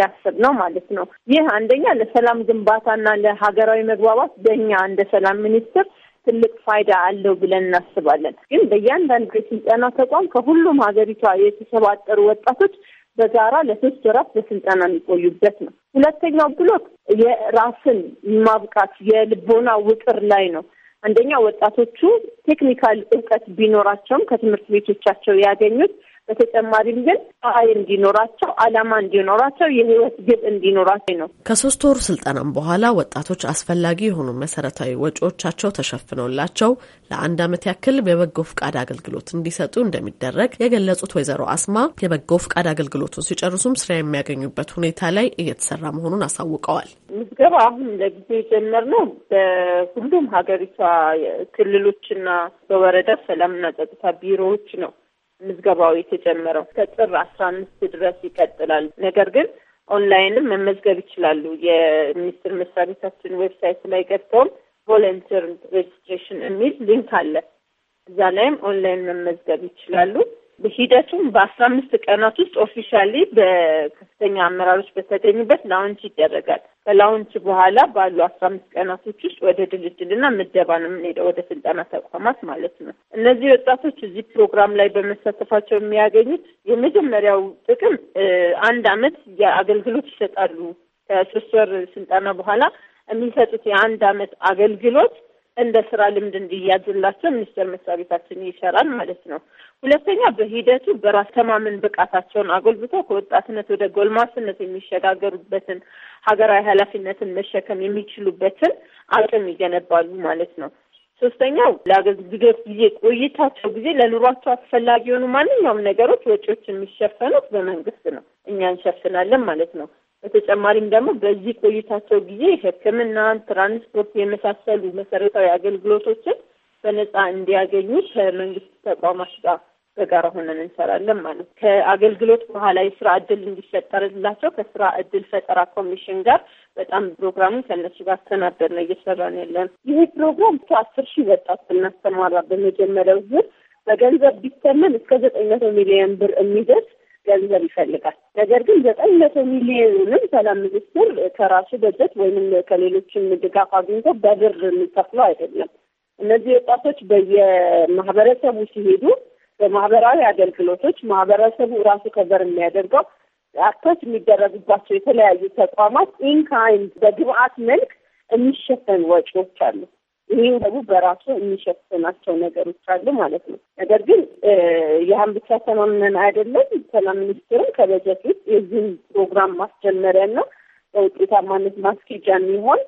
ያሰብነው ማለት ነው። ይህ አንደኛ አንደኛ ለሰላም ግንባታና ለሀገራዊ መግባባት በእኛ እንደ ሰላም ሚኒስትር ትልቅ ፋይዳ አለው ብለን እናስባለን። ግን በእያንዳንዱ የስልጠና ተቋም ከሁሉም ሀገሪቷ የተሰባጠሩ ወጣቶች በጋራ ለሶስት ወራት በስልጠና የሚቆዩበት ነው። ሁለተኛው ብሎክ የራስን ማብቃት የልቦና ውቅር ላይ ነው። አንደኛ ወጣቶቹ ቴክኒካል እውቀት ቢኖራቸውም ከትምህርት ቤቶቻቸው ያገኙት በተጨማሪም ግን ፀሐይ እንዲኖራቸው አላማ እንዲኖራቸው የህይወት ግብ እንዲኖራቸው ነው። ከሶስት ወር ስልጠናም በኋላ ወጣቶች አስፈላጊ የሆኑ መሰረታዊ ወጪዎቻቸው ተሸፍነውላቸው ለአንድ ዓመት ያክል የበጎ ፍቃድ አገልግሎት እንዲሰጡ እንደሚደረግ የገለጹት ወይዘሮ አስማ የበጎ ፍቃድ አገልግሎቱን ሲጨርሱም ስራ የሚያገኙበት ሁኔታ ላይ እየተሰራ መሆኑን አሳውቀዋል። ምዝገባ አሁን ለጊዜ የጀመርነው በሁሉም ሀገሪቷ ክልሎችና በወረዳ ሰላምና ጸጥታ ቢሮዎች ነው። ምዝገባው የተጀመረው ከጥር አስራ አምስት ድረስ ይቀጥላል። ነገር ግን ኦንላይንም መመዝገብ ይችላሉ። የሚኒስቴር መስሪያ ቤታችን ዌብሳይት ላይ ገብተውም ቮለንቲር ሬጅስትሬሽን የሚል ሊንክ አለ። እዛ ላይም ኦንላይን መመዝገብ ይችላሉ። ሂደቱም በአስራ አምስት ቀናት ውስጥ ኦፊሻሊ በከፍተኛ አመራሮች በተገኙበት ላውንች ይደረጋል። ከላውንች በኋላ ባሉ አስራ አምስት ቀናቶች ውስጥ ወደ ድልድልና ምደባ ነው የምንሄደው፣ ወደ ስልጠና ተቋማት ማለት ነው። እነዚህ ወጣቶች እዚህ ፕሮግራም ላይ በመሳተፋቸው የሚያገኙት የመጀመሪያው ጥቅም አንድ አመት የአገልግሎት ይሰጣሉ። ከሶስት ወር ስልጠና በኋላ የሚሰጡት የአንድ አመት አገልግሎት እንደ ስራ ልምድ እንዲያዝላቸው ሚኒስቴር መስሪያ ቤታችን ይሰራል ማለት ነው። ሁለተኛ በሂደቱ በራስ ተማምን ብቃታቸውን አጎልብቶ ከወጣትነት ወደ ጎልማስነት የሚሸጋገሩበትን ሀገራዊ ኃላፊነትን መሸከም የሚችሉበትን አቅም ይገነባሉ ማለት ነው። ሶስተኛው ለአገልግሎት ጊዜ ቆይታቸው ጊዜ ለኑሯቸው አስፈላጊ የሆኑ ማንኛውም ነገሮች ወጪዎች የሚሸፈኑት በመንግስት ነው፣ እኛ እንሸፍናለን ማለት ነው። በተጨማሪም ደግሞ በዚህ ቆይታቸው ጊዜ ሕክምናን፣ ትራንስፖርት የመሳሰሉ መሰረታዊ አገልግሎቶችን በነጻ እንዲያገኙ ከመንግስት ተቋማት ጋር በጋራ ሆነን እንሰራለን ማለት ነው። ከአገልግሎት በኋላ የስራ እድል እንዲፈጠርላቸው ከስራ እድል ፈጠራ ኮሚሽን ጋር በጣም ፕሮግራሙን ከእነሱ ጋር አስተናበድ ነው ነው ያለን። ይህ ፕሮግራም አስር ሺህ ወጣት ብናስተማራ በመጀመሪያው ዙር በገንዘብ ቢተመን እስከ ዘጠኝ መቶ ሚሊዮን ብር የሚደርስ ገንዘብ ይፈልጋል። ነገር ግን ዘጠኝ መቶ ሚሊዮኑንም ሰላም ሚኒስትር ከራሱ በጀት ወይም ከሌሎችም ድጋፍ አግኝቶ በብር የሚከፍለው አይደለም። እነዚህ ወጣቶች በየማህበረሰቡ ሲሄዱ በማህበራዊ አገልግሎቶች ማህበረሰቡ ራሱ ከበር የሚያደርገው አክሰስ የሚደረጉባቸው የተለያዩ ተቋማት ኢንካይንድ በግብአት መልክ የሚሸፈን ወጪዎች አሉ። ይህም ደግሞ በራሱ የሚሸፍናቸው ነገሮች አሉ ማለት ነው። ነገር ግን ያህን ብቻ ተማምነን አይደለም። ሰላም ሚኒስትርም ከበጀት ውስጥ የዚህን ፕሮግራም ማስጀመሪያና በውጤታማነት ማስኬጃ የሚሆን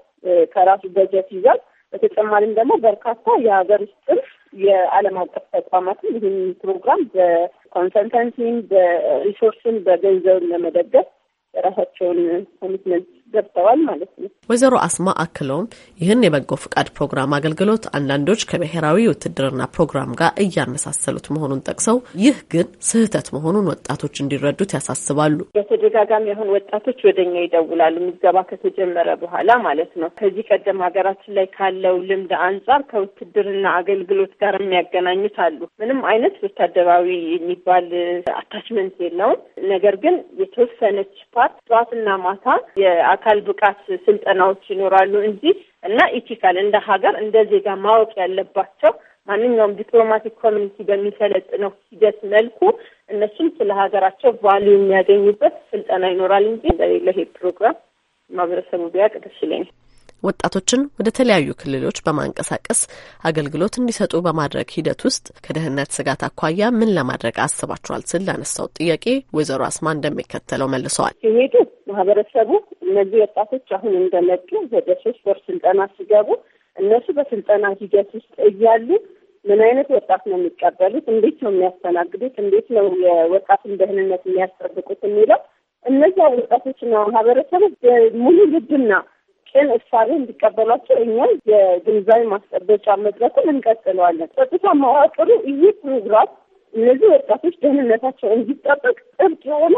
ከራሱ በጀት ይዛል። በተጨማሪም ደግሞ በርካታ የሀገር ውስጥም የዓለም አቀፍ ተቋማትም ይህን ፕሮግራም በኮንሰልተንሲም፣ በሪሶርስን፣ በገንዘብን ለመደገፍ የራሳቸውን ኮሚትመንት ገብተዋል ማለት ነው። ወይዘሮ አስማ አክለውም ይህን የበጎ ፍቃድ ፕሮግራም አገልግሎት አንዳንዶች ከብሔራዊ ውትድርና ፕሮግራም ጋር እያመሳሰሉት መሆኑን ጠቅሰው ይህ ግን ስህተት መሆኑን ወጣቶች እንዲረዱት ያሳስባሉ። በተደጋጋሚ አሁን ወጣቶች ወደ እኛ ይደውላሉ፣ ምዝገባ ከተጀመረ በኋላ ማለት ነው። ከዚህ ቀደም ሀገራችን ላይ ካለው ልምድ አንጻር ከውትድርና አገልግሎት ጋር የሚያገናኙት አሉ። ምንም አይነት ወታደራዊ የሚባል አታችመንት የለውም። ነገር ግን የተወሰነች ፓርት ጠዋትና ማታ የአካል ብቃት ስልጠናዎች ይኖራሉ እንጂ እና ኢቲካል እንደ ሀገር እንደ ዜጋ ማወቅ ያለባቸው ማንኛውም ዲፕሎማቲክ ኮሚኒቲ በሚሰለጥነው ሂደት መልኩ እነሱም ስለ ሀገራቸው ቫሉ የሚያገኙበት ስልጠና ይኖራል እንጂ እንደሌለ ይሄ ፕሮግራም ማህበረሰቡ ቢያቅ ደስ ይለኛል። ወጣቶችን ወደ ተለያዩ ክልሎች በማንቀሳቀስ አገልግሎት እንዲሰጡ በማድረግ ሂደት ውስጥ ከደህንነት ስጋት አኳያ ምን ለማድረግ አስባችኋል? ስል ላነሳው ጥያቄ ወይዘሮ አስማ እንደሚከተለው መልሰዋል። ሲሄዱ ማህበረሰቡ እነዚህ ወጣቶች አሁን እንደመጡ ወደ ሶስት ወር ስልጠና ሲገቡ እነሱ በስልጠና ሂደት ውስጥ እያሉ ምን አይነት ወጣት ነው የሚቀበሉት? እንዴት ነው የሚያስተናግዱት? እንዴት ነው የወጣትን ደህንነት የሚያስጠብቁት? የሚለው እነዚያ ወጣቶችና ማህበረሰቡ ሙሉ ልብና ቅን እሳቤ እንዲቀበሏቸው እኛ የግንዛቤ ማስጠበጫ መድረኩን እንቀጥለዋለን። ጸጥታ መዋቅሩ ይህ ፕሮግራም እነዚህ ወጣቶች ደህንነታቸው እንዲጠበቅ ጥብቅ የሆነ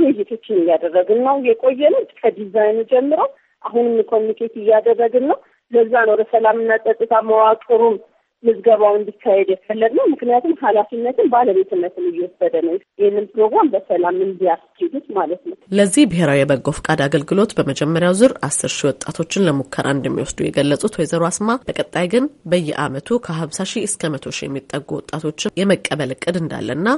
ውይይቶችን እያደረግን ነው የቆየ ነው። ከዲዛይኑ ጀምሮ አሁንም ኮሚኒኬት እያደረግን ነው። ለዛ ነው ለሰላምና ጸጥታ መዋቅሩም ምዝገባው እንዲካሄድ ነው። ምክንያቱም ኃላፊነትን ባለቤትነትን እየወሰደ ነው። ይህንን ፕሮግራም በሰላም እንዲያስኪዱት ማለት ነው። ለዚህ ብሔራዊ የበጎ ፍቃድ አገልግሎት በመጀመሪያው ዙር አስር ሺህ ወጣቶችን ለሙከራ እንደሚወስዱ የገለጹት ወይዘሮ አስማ በቀጣይ ግን በየአመቱ ከሀምሳ ሺህ እስከ መቶ ሺህ የሚጠጉ ወጣቶችን የመቀበል እቅድ እንዳለና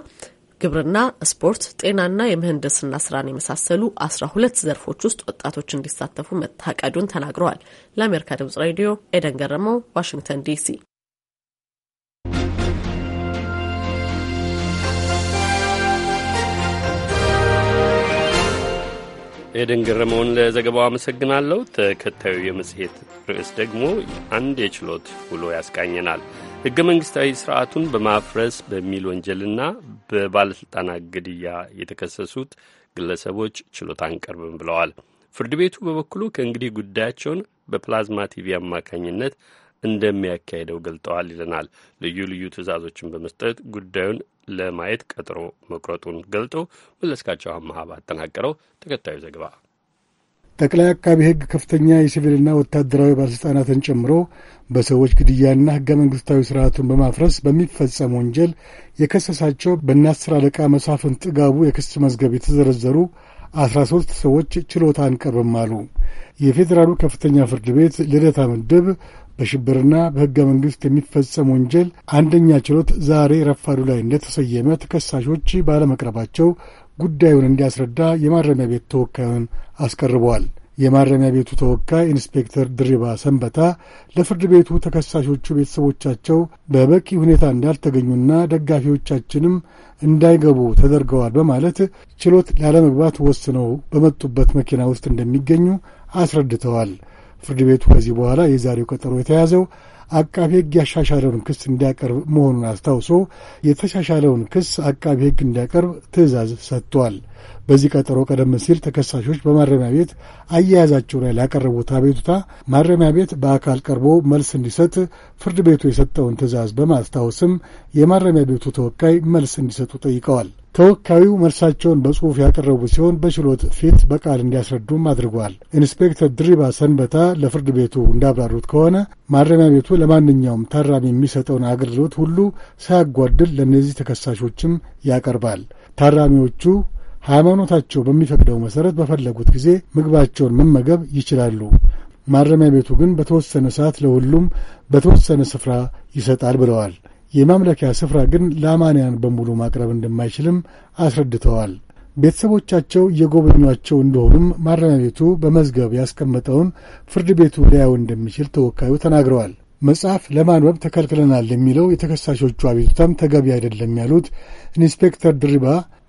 ግብርና፣ ስፖርት፣ ጤናና የምህንድስና ስራን የመሳሰሉ አስራ ሁለት ዘርፎች ውስጥ ወጣቶች እንዲሳተፉ መታቀዱን ተናግረዋል። ለአሜሪካ ድምጽ ሬዲዮ ኤደን ገረመው፣ ዋሽንግተን ዲሲ ኤደን ገረመውን ለዘገባው አመሰግናለሁ። ተከታዩ የመጽሔት ርዕስ ደግሞ አንድ የችሎት ውሎ ያስቃኘናል። ሕገ መንግሥታዊ ስርዓቱን በማፍረስ በሚል ወንጀልና በባለሥልጣናት ግድያ የተከሰሱት ግለሰቦች ችሎት አንቀርብም ብለዋል። ፍርድ ቤቱ በበኩሉ ከእንግዲህ ጉዳያቸውን በፕላዝማ ቲቪ አማካኝነት እንደሚያካሂደው ገልጠዋል ይለናል። ልዩ ልዩ ትዕዛዞችን በመስጠት ጉዳዩን ለማየት ቀጠሮ መቁረጡን ገልጦ መለስካቸው አመሃ ባጠናቀረው ተከታዩ ዘገባ ጠቅላይ አቃቢ ሕግ ከፍተኛ የሲቪልና ወታደራዊ ባለሥልጣናትን ጨምሮ በሰዎች ግድያና ሕገ መንግሥታዊ ሥርዓቱን በማፍረስ በሚፈጸም ወንጀል የከሰሳቸው በናስር አለቃ መሳፍን ጥጋቡ የክስ መዝገብ የተዘረዘሩ አስራ ሦስት ሰዎች ችሎታ አንቀርብም አሉ። የፌዴራሉ ከፍተኛ ፍርድ ቤት ልደታ ምድብ በሽብርና በሕገ መንግሥት የሚፈጸም ወንጀል አንደኛ ችሎት ዛሬ ረፋዱ ላይ እንደተሰየመ ተከሳሾች ባለመቅረባቸው ጉዳዩን እንዲያስረዳ የማረሚያ ቤት ተወካዩን አስቀርበዋል። የማረሚያ ቤቱ ተወካይ ኢንስፔክተር ድሪባ ሰንበታ ለፍርድ ቤቱ ተከሳሾቹ ቤተሰቦቻቸው በበቂ ሁኔታ እንዳልተገኙና ደጋፊዎቻችንም እንዳይገቡ ተደርገዋል በማለት ችሎት ላለመግባት ወስነው በመጡበት መኪና ውስጥ እንደሚገኙ አስረድተዋል። ፍርድ ቤቱ ከዚህ በኋላ የዛሬው ቀጠሮ የተያዘው አቃቢ ሕግ ያሻሻለውን ክስ እንዲያቀርብ መሆኑን አስታውሶ የተሻሻለውን ክስ አቃቢ ሕግ እንዲያቀርብ ትዕዛዝ ሰጥቷል። በዚህ ቀጠሮ ቀደም ሲል ተከሳሾች በማረሚያ ቤት አያያዛቸው ላይ ላቀረቡት አቤቱታ ማረሚያ ቤት በአካል ቀርቦ መልስ እንዲሰጥ ፍርድ ቤቱ የሰጠውን ትዕዛዝ በማስታወስም የማረሚያ ቤቱ ተወካይ መልስ እንዲሰጡ ጠይቀዋል። ተወካዩ መልሳቸውን በጽሑፍ ያቀረቡ ሲሆን በችሎት ፊት በቃል እንዲያስረዱም አድርጓል። ኢንስፔክተር ድሪባ ሰንበታ ለፍርድ ቤቱ እንዳብራሩት ከሆነ ማረሚያ ቤቱ ለማንኛውም ታራሚ የሚሰጠውን አገልግሎት ሁሉ ሳያጓድል ለእነዚህ ተከሳሾችም ያቀርባል። ታራሚዎቹ ሃይማኖታቸው በሚፈቅደው መሠረት በፈለጉት ጊዜ ምግባቸውን መመገብ ይችላሉ። ማረሚያ ቤቱ ግን በተወሰነ ሰዓት ለሁሉም በተወሰነ ስፍራ ይሰጣል ብለዋል። የማምለኪያ ስፍራ ግን ለአማንያን በሙሉ ማቅረብ እንደማይችልም አስረድተዋል። ቤተሰቦቻቸው እየጎበኟቸው እንደሆኑም ማረሚያ ቤቱ በመዝገብ ያስቀመጠውን ፍርድ ቤቱ ሊያዩ እንደሚችል ተወካዩ ተናግረዋል። መጽሐፍ ለማንበብ ተከልክለናል የሚለው የተከሳሾቹ አቤቱታም ተገቢ አይደለም ያሉት ኢንስፔክተር ድሪባ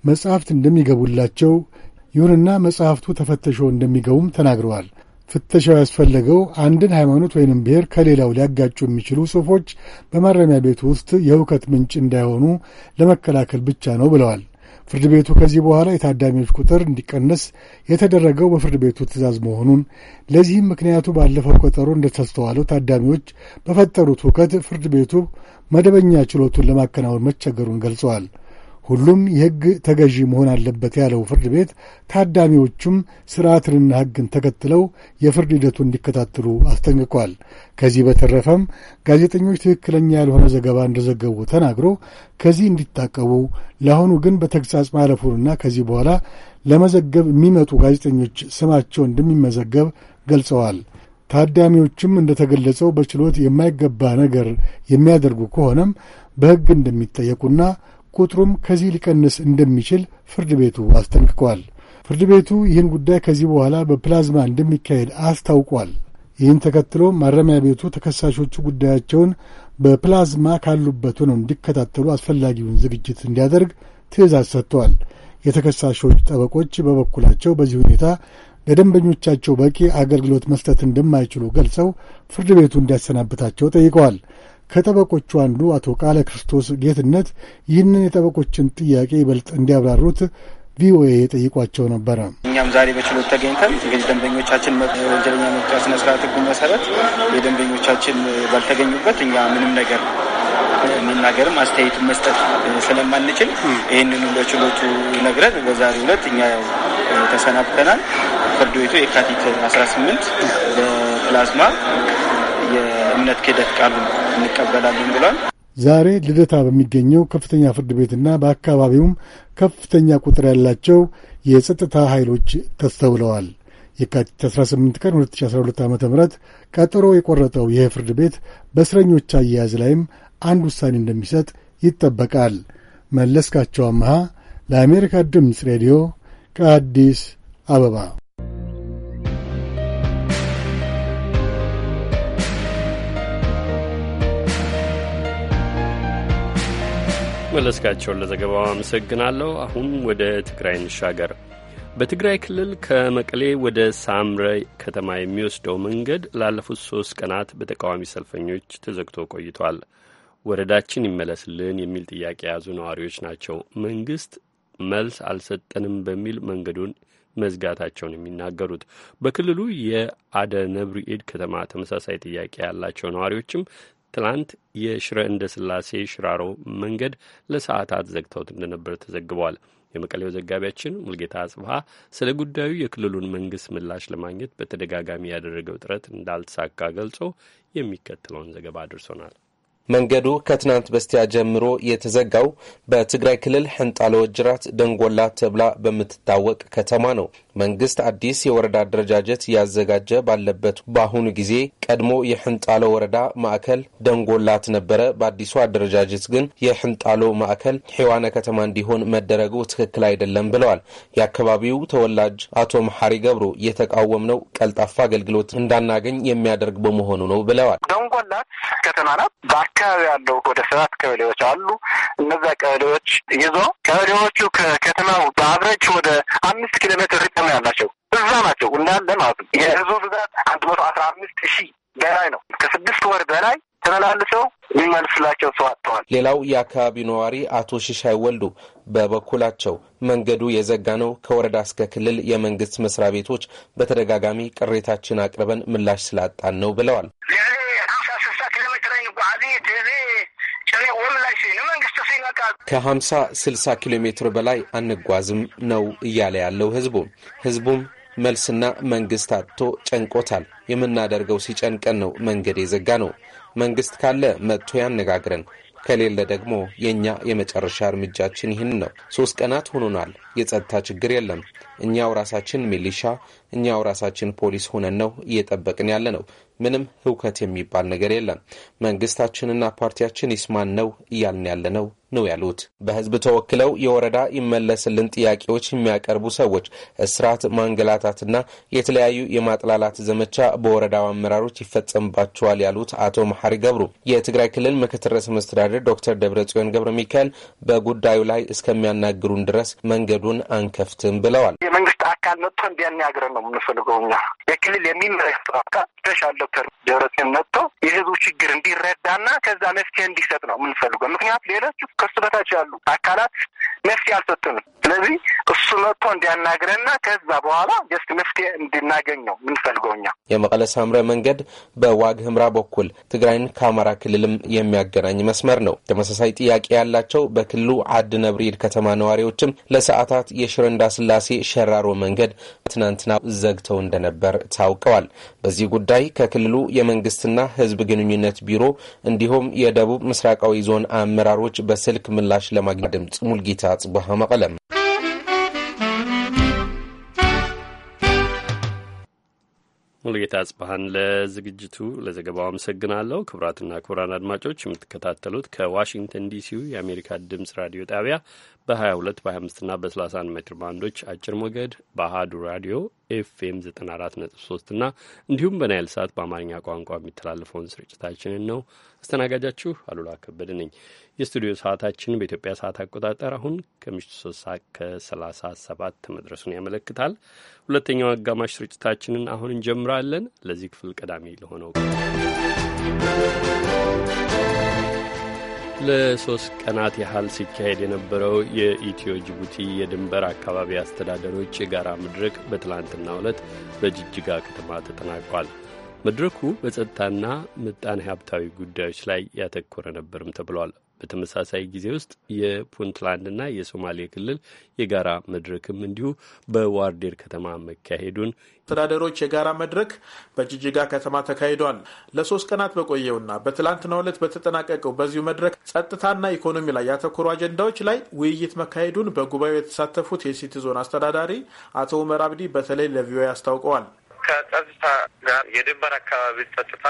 መጽሐፍት እንደሚገቡላቸው፣ ይሁንና መጽሐፍቱ ተፈተሾ እንደሚገቡም ተናግረዋል። ፍተሻው ያስፈለገው አንድን ሃይማኖት ወይንም ብሔር ከሌላው ሊያጋጩ የሚችሉ ጽሑፎች በማረሚያ ቤቱ ውስጥ የእውከት ምንጭ እንዳይሆኑ ለመከላከል ብቻ ነው ብለዋል። ፍርድ ቤቱ ከዚህ በኋላ የታዳሚዎች ቁጥር እንዲቀንስ የተደረገው በፍርድ ቤቱ ትዕዛዝ መሆኑን ለዚህም ምክንያቱ ባለፈው ቀጠሮ እንደተስተዋለው ታዳሚዎች በፈጠሩት ሁከት ፍርድ ቤቱ መደበኛ ችሎቱን ለማከናወን መቸገሩን ገልጸዋል። ሁሉም የሕግ ተገዢ መሆን አለበት ያለው ፍርድ ቤት ታዳሚዎቹም ስርዓትንና ሕግን ተከትለው የፍርድ ሂደቱ እንዲከታተሉ አስጠንቅቋል። ከዚህ በተረፈም ጋዜጠኞች ትክክለኛ ያልሆነ ዘገባ እንደዘገቡ ተናግሮ ከዚህ እንዲታቀቡ፣ ለአሁኑ ግን በተግሳጽ ማለፉንና ከዚህ በኋላ ለመዘገብ የሚመጡ ጋዜጠኞች ስማቸው እንደሚመዘገብ ገልጸዋል። ታዳሚዎችም እንደተገለጸው በችሎት የማይገባ ነገር የሚያደርጉ ከሆነም በሕግ እንደሚጠየቁና ቁጥሩም ከዚህ ሊቀንስ እንደሚችል ፍርድ ቤቱ አስጠንቅቋል። ፍርድ ቤቱ ይህን ጉዳይ ከዚህ በኋላ በፕላዝማ እንደሚካሄድ አስታውቋል። ይህን ተከትሎ ማረሚያ ቤቱ ተከሳሾቹ ጉዳያቸውን በፕላዝማ ካሉበት ሆነው እንዲከታተሉ አስፈላጊውን ዝግጅት እንዲያደርግ ትዕዛዝ ሰጥተዋል። የተከሳሾች ጠበቆች በበኩላቸው በዚህ ሁኔታ ለደንበኞቻቸው በቂ አገልግሎት መስጠት እንደማይችሉ ገልጸው ፍርድ ቤቱ እንዲያሰናብታቸው ጠይቀዋል። ከጠበቆቹ አንዱ አቶ ቃለ ክርስቶስ ጌትነት ይህንን የጠበቆችን ጥያቄ ይበልጥ እንዲያብራሩት ቪኦኤ የጠይቋቸው ነበረ። እኛም ዛሬ በችሎት ተገኝተን እንግዲህ ደንበኞቻችን ወንጀለኛ መቅጫ ስነስርዓት ህጉ መሰረት የደንበኞቻችን ባልተገኙበት እኛ ምንም ነገር መናገርም አስተያየቱን መስጠት ስለማንችል ይህንኑ ለችሎቱ ነግረን በዛሬው ዕለት እኛ ተሰናብተናል። ፍርድ ቤቱ የካቲት 18 በፕላዝማ እምነት ክህደት እንቀበላለን ብሏል። ዛሬ ልደታ በሚገኘው ከፍተኛ ፍርድ ቤትና በአካባቢውም ከፍተኛ ቁጥር ያላቸው የጸጥታ ኃይሎች ተስተውለዋል። የካቲት 18 ቀን 2012 ዓ ም ቀጠሮ የቆረጠው ይህ ፍርድ ቤት በእስረኞች አያያዝ ላይም አንድ ውሳኔ እንደሚሰጥ ይጠበቃል። መለስካቸው አመሃ ለአሜሪካ ድምፅ ሬዲዮ ከአዲስ አበባ መለስካቸውን ለዘገባው አመሰግናለሁ። አሁን ወደ ትግራይ እንሻገር። በትግራይ ክልል ከመቀሌ ወደ ሳምረ ከተማ የሚወስደው መንገድ ላለፉት ሶስት ቀናት በተቃዋሚ ሰልፈኞች ተዘግቶ ቆይቷል። ወረዳችን ይመለስልን የሚል ጥያቄ የያዙ ነዋሪዎች ናቸው መንግስት መልስ አልሰጠንም በሚል መንገዱን መዝጋታቸውን የሚናገሩት በክልሉ የአደ ነብሪ ከተማ ተመሳሳይ ጥያቄ ያላቸው ነዋሪዎችም ትላንት የሽረ እንደ ስላሴ ሽራሮ መንገድ ለሰዓታት ዘግተውት እንደነበር ተዘግቧል። የመቀሌው ዘጋቢያችን ሙልጌታ አጽብሀ ስለ ጉዳዩ የክልሉን መንግስት ምላሽ ለማግኘት በተደጋጋሚ ያደረገው ጥረት እንዳልተሳካ ገልጾ የሚከተለውን ዘገባ አድርሶናል። መንገዱ ከትናንት በስቲያ ጀምሮ የተዘጋው በትግራይ ክልል ሕንጣሎ ወጅራት ደንጎላ ተብላ በምትታወቅ ከተማ ነው። መንግስት አዲስ የወረዳ አደረጃጀት እያዘጋጀ ባለበት በአሁኑ ጊዜ ቀድሞ የሕንጣሎ ወረዳ ማዕከል ደንጎላት ነበረ። በአዲሱ አደረጃጀት ግን የሕንጣሎ ማዕከል ሔዋነ ከተማ እንዲሆን መደረጉ ትክክል አይደለም ብለዋል። የአካባቢው ተወላጅ አቶ መሐሪ ገብሩ የተቃወምነው ቀልጣፋ አገልግሎት እንዳናገኝ የሚያደርግ በመሆኑ ነው ብለዋል። ደንጎላት ከተማ ናት። አካባቢ ያለው ወደ ሰባት ቀበሌዎች አሉ። እነዛ ቀበሌዎች ይዞ ቀበሌዎቹ ከከተማው በአብረጅ ወደ አምስት ኪሎ ሜትር ርቀት ነው ያላቸው። እዛ ናቸው እንዳለ ማለት ነው። የህዝቡ ብዛት አንድ መቶ አስራ አምስት ሺህ በላይ ነው። ከስድስት ወር በላይ ተመላልሰው የሚመልስላቸው ሰው አጥተዋል። ሌላው የአካባቢው ነዋሪ አቶ ሽሻይ ወልዱ በበኩላቸው መንገዱ የዘጋ ነው፣ ከወረዳ እስከ ክልል የመንግስት መስሪያ ቤቶች በተደጋጋሚ ቅሬታችን አቅርበን ምላሽ ስላጣን ነው ብለዋል። ከሀምሳ ስልሳ ኪሎ ሜትር በላይ አንጓዝም ነው እያለ ያለው ህዝቡ። ህዝቡም መልስና መንግስት አጥቶ ጨንቆታል። የምናደርገው ሲጨንቀን ነው መንገድ የዘጋ ነው። መንግስት ካለ መጥቶ ያነጋግረን፣ ከሌለ ደግሞ የእኛ የመጨረሻ እርምጃችን ይህን ነው። ሶስት ቀናት ሆኖናል። የጸጥታ ችግር የለም። እኛው ራሳችን ሚሊሻ፣ እኛው ራሳችን ፖሊስ ሆነን ነው እየጠበቅን ያለ ነው። ምንም ህውከት የሚባል ነገር የለም። መንግስታችንና ፓርቲያችን ይስማን ነው እያልን ያለ ነው ነው ያሉት። በህዝብ ተወክለው የወረዳ ይመለስልን ጥያቄዎች የሚያቀርቡ ሰዎች እስራት፣ ማንገላታትና የተለያዩ የማጥላላት ዘመቻ በወረዳው አመራሮች ይፈጸምባቸዋል ያሉት አቶ መሐሪ ገብሩ የትግራይ ክልል ምክትል ርዕሰ መስተዳደር ዶክተር ደብረጽዮን ገብረ ሚካኤል በጉዳዩ ላይ እስከሚያናግሩን ድረስ መንገዱን አንከፍትም ብለዋል። የመንግስት አካል መጥቶ እንዲያናግረን ነው የምንፈልገው እኛ የክልል የሚመለከተው አካል ስፔሻል ዶክተር ደብረጽዮን መጥቶ የህዝቡ ችግር እንዲረዳና ከዛ መፍትሄ እንዲሰጥ ነው የምንፈልገው ምክንያቱ ሌሎች ከእሱ በታች ያሉ አካላት መፍትሄ አልሰጡንም። ስለዚህ እሱ መጥቶ እንዲያናግረና ከዛ በኋላ ጀስት መፍትሄ እንድናገኝ ነው የምንፈልገው እኛ። የመቀለ ሳምረ መንገድ በዋግ ህምራ በኩል ትግራይን ከአማራ ክልልም የሚያገናኝ መስመር ነው። ተመሳሳይ ጥያቄ ያላቸው በክልሉ አድ ነብሪድ ከተማ ነዋሪዎችም ለሰዓታት የሽረንዳ ስላሴ ሸራሮ መንገድ ትናንትና ዘግተው እንደነበር ታውቀዋል። በዚህ ጉዳይ ከክልሉ የመንግስትና ህዝብ ግንኙነት ቢሮ እንዲሁም የደቡብ ምስራቃዊ ዞን አመራሮች በስልክ ምላሽ ለማግኘት ድምፅ ሙልጌታ ጽቡሃ መቀለም ሙሉጌታ ጽባሀን ለዝግጅቱ ለዘገባው አመሰግናለሁ። ክቡራትና ክቡራን አድማጮች የምትከታተሉት ከዋሽንግተን ዲሲው የአሜሪካ ድምጽ ራዲዮ ጣቢያ በ22 በ25ና በ31 ሜትር ባንዶች አጭር ሞገድ በአሃዱ ራዲዮ ኤፍኤም 94.3 እና እንዲሁም በናይል ሰዓት በአማርኛ ቋንቋ የሚተላለፈውን ስርጭታችንን ነው። አስተናጋጃችሁ አሉላ ከበደ ነኝ። የስቱዲዮ ሰዓታችን በኢትዮጵያ ሰዓት አቆጣጠር አሁን ከምሽቱ 3 ሰዓት ከ37 መድረሱን ያመለክታል። ሁለተኛው አጋማሽ ስርጭታችንን አሁን እንጀምራለን። ለዚህ ክፍል ቀዳሚ ለሆነው ለሶስት ቀናት ያህል ሲካሄድ የነበረው የኢትዮ ጅቡቲ የድንበር አካባቢ አስተዳደሮች የጋራ መድረክ በትላንትናው ዕለት በጅጅጋ ከተማ ተጠናቋል። መድረኩ በጸጥታና ምጣኔ ሀብታዊ ጉዳዮች ላይ ያተኮረ ነበርም ተብሏል። በተመሳሳይ ጊዜ ውስጥ የፑንትላንድና የሶማሌ ክልል የጋራ መድረክም እንዲሁ በዋርዴር ከተማ መካሄዱን አስተዳደሮች የጋራ መድረክ በጅጅጋ ከተማ ተካሂዷል። ለሶስት ቀናት በቆየውና በትላንትናው ዕለት በተጠናቀቀው በዚሁ መድረክ ጸጥታና ኢኮኖሚ ላይ ያተኮሩ አጀንዳዎች ላይ ውይይት መካሄዱን በጉባኤው የተሳተፉት የሲቲ ዞን አስተዳዳሪ አቶ ኡመር አብዲ በተለይ ለቪኦኤ አስታውቀዋል። ከጸጥታ ጋር የድንበር አካባቢ ጸጥታ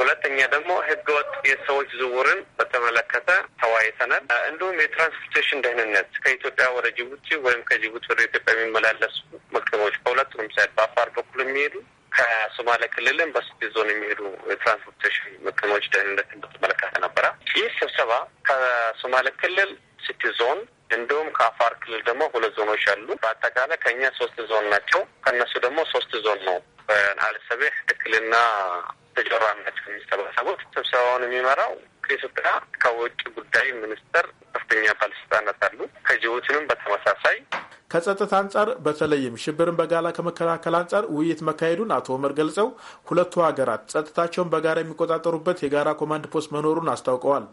ሁለተኛ ደግሞ ህገወጥ የሰዎች ዝውውርን በተመለከተ ተወያይተናል። እንዲሁም የትራንስፖርቴሽን ደህንነት ከኢትዮጵያ ወደ ጅቡቲ ወይም ከጅቡቲ ወደ ኢትዮጵያ የሚመላለሱ መርከቦች ከሁለቱም ሳይድ በአፋር በኩል የሚሄዱ ከሶማሌ ክልልም በስቲ ዞን የሚሄዱ የትራንስፖርቴሽን መርከቦች ደህንነትን በተመለከተ ነበረ። ይህ ስብሰባ ከሶማሌ ክልል ሲቲ ዞን እንዲሁም ከአፋር ክልል ደግሞ ሁለት ዞኖች አሉ። በአጠቃላይ ከእኛ ሶስት ዞን ናቸው። ከእነሱ ደግሞ ሶስት ዞን ነው አልሰቤሕ፣ ድክልና ተጨዋሚዎች ከሚሰባሰቡት ስብሰባውን የሚመራው ከኢትዮጵያ ከውጭ ጉዳይ ሚኒስቴር ከፍተኛ ባለስልጣናት አሉ። ከጅቡቲንም በተመሳሳይ ከጸጥታ አንጻር በተለይም ሽብርን በጋላ ከመከላከል አንጻር ውይይት መካሄዱን አቶ ኦመር ገልጸው ሁለቱ ሀገራት ጸጥታቸውን በጋራ የሚቆጣጠሩበት የጋራ ኮማንድ ፖስት መኖሩን አስታውቀዋል።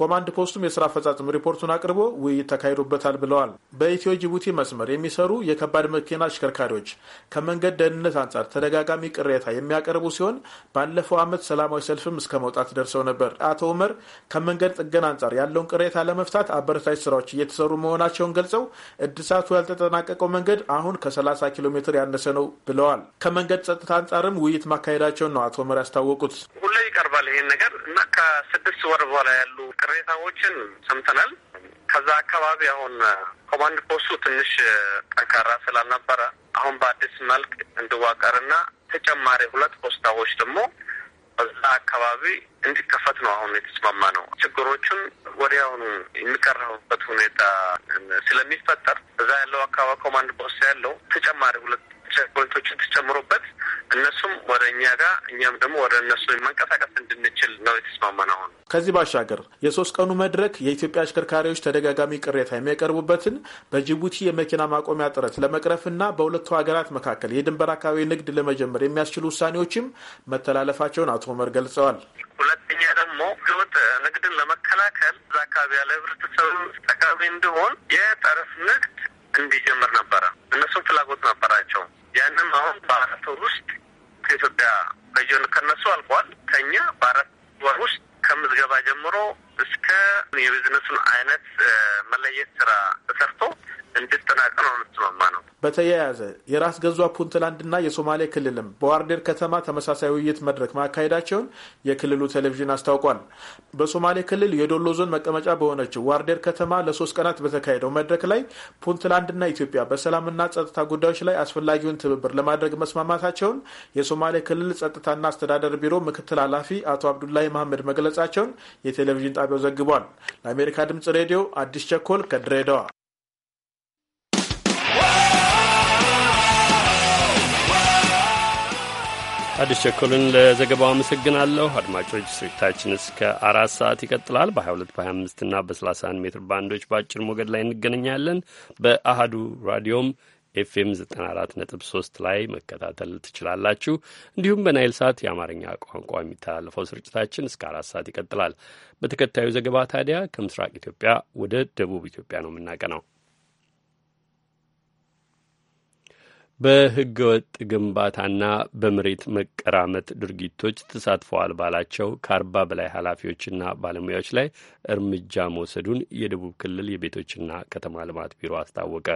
ኮማንድ ፖስቱም የስራ አፈጻጽም ሪፖርቱን አቅርቦ ውይይት ተካሂዶበታል ብለዋል። በኢትዮ ጅቡቲ መስመር የሚሰሩ የከባድ መኪና አሽከርካሪዎች ከመንገድ ደህንነት አንጻር ተደጋጋሚ ቅሬታ የሚያቀርቡ ሲሆን ባለፈው ዓመት ሰላማዊ ሰልፍም እስከ መውጣት ደርሰው ነበር። አቶ ኡመር ከመንገድ ጥገና አንጻር ያለውን ቅሬታ ለመፍታት አበረታች ስራዎች እየተሰሩ መሆናቸውን ገልጸው እድሳቱ ያልተ የተጠናቀቀው መንገድ አሁን ከ30 ኪሎ ሜትር ያነሰ ነው ብለዋል። ከመንገድ ጸጥታ አንጻርም ውይይት ማካሄዳቸውን ነው አቶ መር ያስታወቁት። ሁሉ ይቀርባል ይሄን ነገር እና ከስድስት ወር በኋላ ያሉ ቅሬታዎችን ሰምተናል። ከዛ አካባቢ አሁን ኮማንድ ፖስቱ ትንሽ ጠንካራ ስላልነበረ አሁን በአዲስ መልክ እንዲዋቀርና ተጨማሪ ሁለት ፖስታዎች ደግሞ በዛ አካባቢ እንዲከፈት ነው አሁን የተስማማ ነው። ችግሮቹን ወዲያውኑ የሚቀረቡበት ሁኔታ ስለሚፈጠር እዛ ያለው አካባቢ ኮማንድ ፖስት ያለው ተጨማሪ ሁለት ፖይንቶችን ተጨምሮበት እነሱም ወደ እኛ ጋር እኛም ደግሞ ወደ እነሱ መንቀሳቀስ እንድንችል ነው የተስማማነው። ከዚህ ባሻገር የሶስት ቀኑ መድረክ የኢትዮጵያ አሽከርካሪዎች ተደጋጋሚ ቅሬታ የሚያቀርቡበትን በጅቡቲ የመኪና ማቆሚያ ጥረት ለመቅረፍና በሁለቱ ሀገራት መካከል የድንበር አካባቢ ንግድ ለመጀመር የሚያስችሉ ውሳኔዎችም መተላለፋቸውን አቶ ኡመር ገልጸዋል። ሁለተኛ ደግሞ ህገወጥ ንግድን ለመከላከል እዛ አካባቢ ያለ ህብረተሰቡ ጠቃሚ እንዲሆን የጠረፍ ንግድ ግንብ ይጀምር ነበረ። እነሱም ፍላጎት ነበራቸው። ያንም አሁን በአራት ወር ውስጥ ከኢትዮጵያ ሬጅን ከነሱ አልቋል። ከኛ በአራት ወር ውስጥ ከምዝገባ ጀምሮ እስከ የቢዝነሱን አይነት መለየት ስራ ተሰርቶ እንድጠናቀ ነው የምትመማ ነው። በተያያዘ የራስ ገዟ ፑንትላንድና የሶማሌ ክልልም በዋርዴር ከተማ ተመሳሳይ ውይይት መድረክ ማካሄዳቸውን የክልሉ ቴሌቪዥን አስታውቋል። በሶማሌ ክልል የዶሎ ዞን መቀመጫ በሆነችው ዋርዴር ከተማ ለሶስት ቀናት በተካሄደው መድረክ ላይ ፑንትላንድና ኢትዮጵያ በሰላምና ጸጥታ ጉዳዮች ላይ አስፈላጊውን ትብብር ለማድረግ መስማማታቸውን የሶማሌ ክልል ጸጥታና አስተዳደር ቢሮ ምክትል ኃላፊ አቶ አብዱላሂ መሀመድ መግለጻቸውን የቴሌቪዥን ጣቢያው ዘግቧል። ለአሜሪካ ድምፅ ሬዲዮ አዲስ ቸኮል ከድሬዳዋ። አዲስ ቸኮልን ለዘገባው አመሰግናለሁ። አድማጮች ስርጭታችን እስከ አራት ሰዓት ይቀጥላል። በ22 በ25 እና በ31 ሜትር ባንዶች በአጭር ሞገድ ላይ እንገናኛለን። በአሃዱ ራዲዮም ኤፍኤም 94.3 ላይ መከታተል ትችላላችሁ። እንዲሁም በናይል ሳት የአማርኛ ቋንቋ የሚተላለፈው ስርጭታችን እስከ አራት ሰዓት ይቀጥላል። በተከታዩ ዘገባ ታዲያ ከምስራቅ ኢትዮጵያ ወደ ደቡብ ኢትዮጵያ ነው የምናቀናው። በሕገ ወጥ ግንባታና በመሬት መቀራመት ድርጊቶች ተሳትፈዋል ባላቸው ከአርባ በላይ ኃላፊዎችና ባለሙያዎች ላይ እርምጃ መውሰዱን የደቡብ ክልል የቤቶችና ከተማ ልማት ቢሮ አስታወቀ።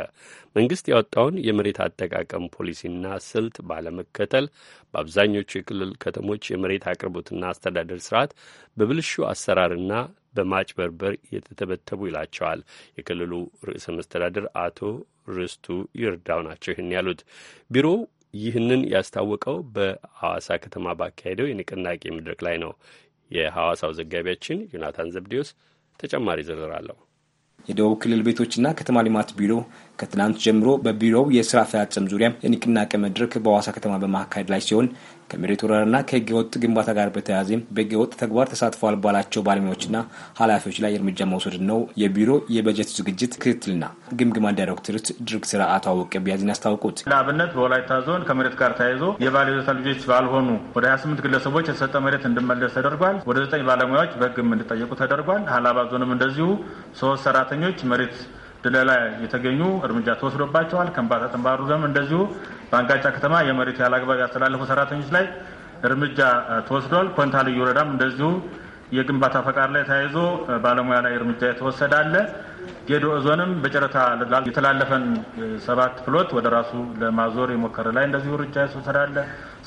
መንግስት ያወጣውን የመሬት አጠቃቀም ፖሊሲና ስልት ባለመከተል በአብዛኞቹ የክልል ከተሞች የመሬት አቅርቦትና አስተዳደር ስርዓት በብልሹ አሰራርና በማጭበርበር የተተበተቡ ይላቸዋል የክልሉ ርዕሰ መስተዳድር አቶ ርስቱ ይርዳው ናቸው ይህን ያሉት ቢሮው ይህንን ያስታወቀው በሐዋሳ ከተማ ባካሄደው የንቅናቄ መድረክ ላይ ነው። የሐዋሳው ዘጋቢያችን ዮናታን ዘብዴዎስ ተጨማሪ ዝርዝር አለው። የደቡብ ክልል ቤቶችና ከተማ ልማት ቢሮ ከትናንት ጀምሮ በቢሮው የስራ አፈጻጸም ዙሪያ የንቅናቄ መድረክ በሐዋሳ ከተማ በማካሄድ ላይ ሲሆን ከመሬት ወረራና ከህገ ወጥ ግንባታ ጋር በተያያዘ በህገ ወጥ ተግባር ተሳትፏል ባላቸው ባለሙያዎችና ኃላፊዎች ላይ እርምጃ መውሰድ ነው የቢሮ የበጀት ዝግጅት ክትትልና ግምግማ ዳይሬክቶሬት ስራ አቶ አወቀ ቢያዝን ያስታወቁት ለአብነት በወላይታ ዞን ከመሬት ጋር ተያይዞ የባለ ይዞታ ልጆች ባልሆኑ ወደ 28 ግለሰቦች የተሰጠ መሬት እንድመለስ ተደርጓል። ወደ ዘጠኝ ባለሙያዎች በህግም እንዲጠየቁ ተደርጓል። ሀላባ ዞንም እንደዚሁ ሶስት ሰራተኞች መሬት ድለላ የተገኙ እርምጃ ተወስዶባቸዋል። ከንባታ ጠንባሮ ዘም እንደዚሁ በአንጋጫ ከተማ የመሬት ያላግባብ ያስተላለፉ ሰራተኞች ላይ እርምጃ ተወስዷል። ኮንታ ልዩ ወረዳም እንደዚሁ የግንባታ ፈቃድ ላይ ተያይዞ ባለሙያ ላይ እርምጃ የተወሰደ አለ። ጌዶ ዞንም በጨረታ የተላለፈን ሰባት ፕሎት ወደ ራሱ ለማዞር የሞከረ ላይ እንደዚሁ እርምጃ የተወሰደ አለ።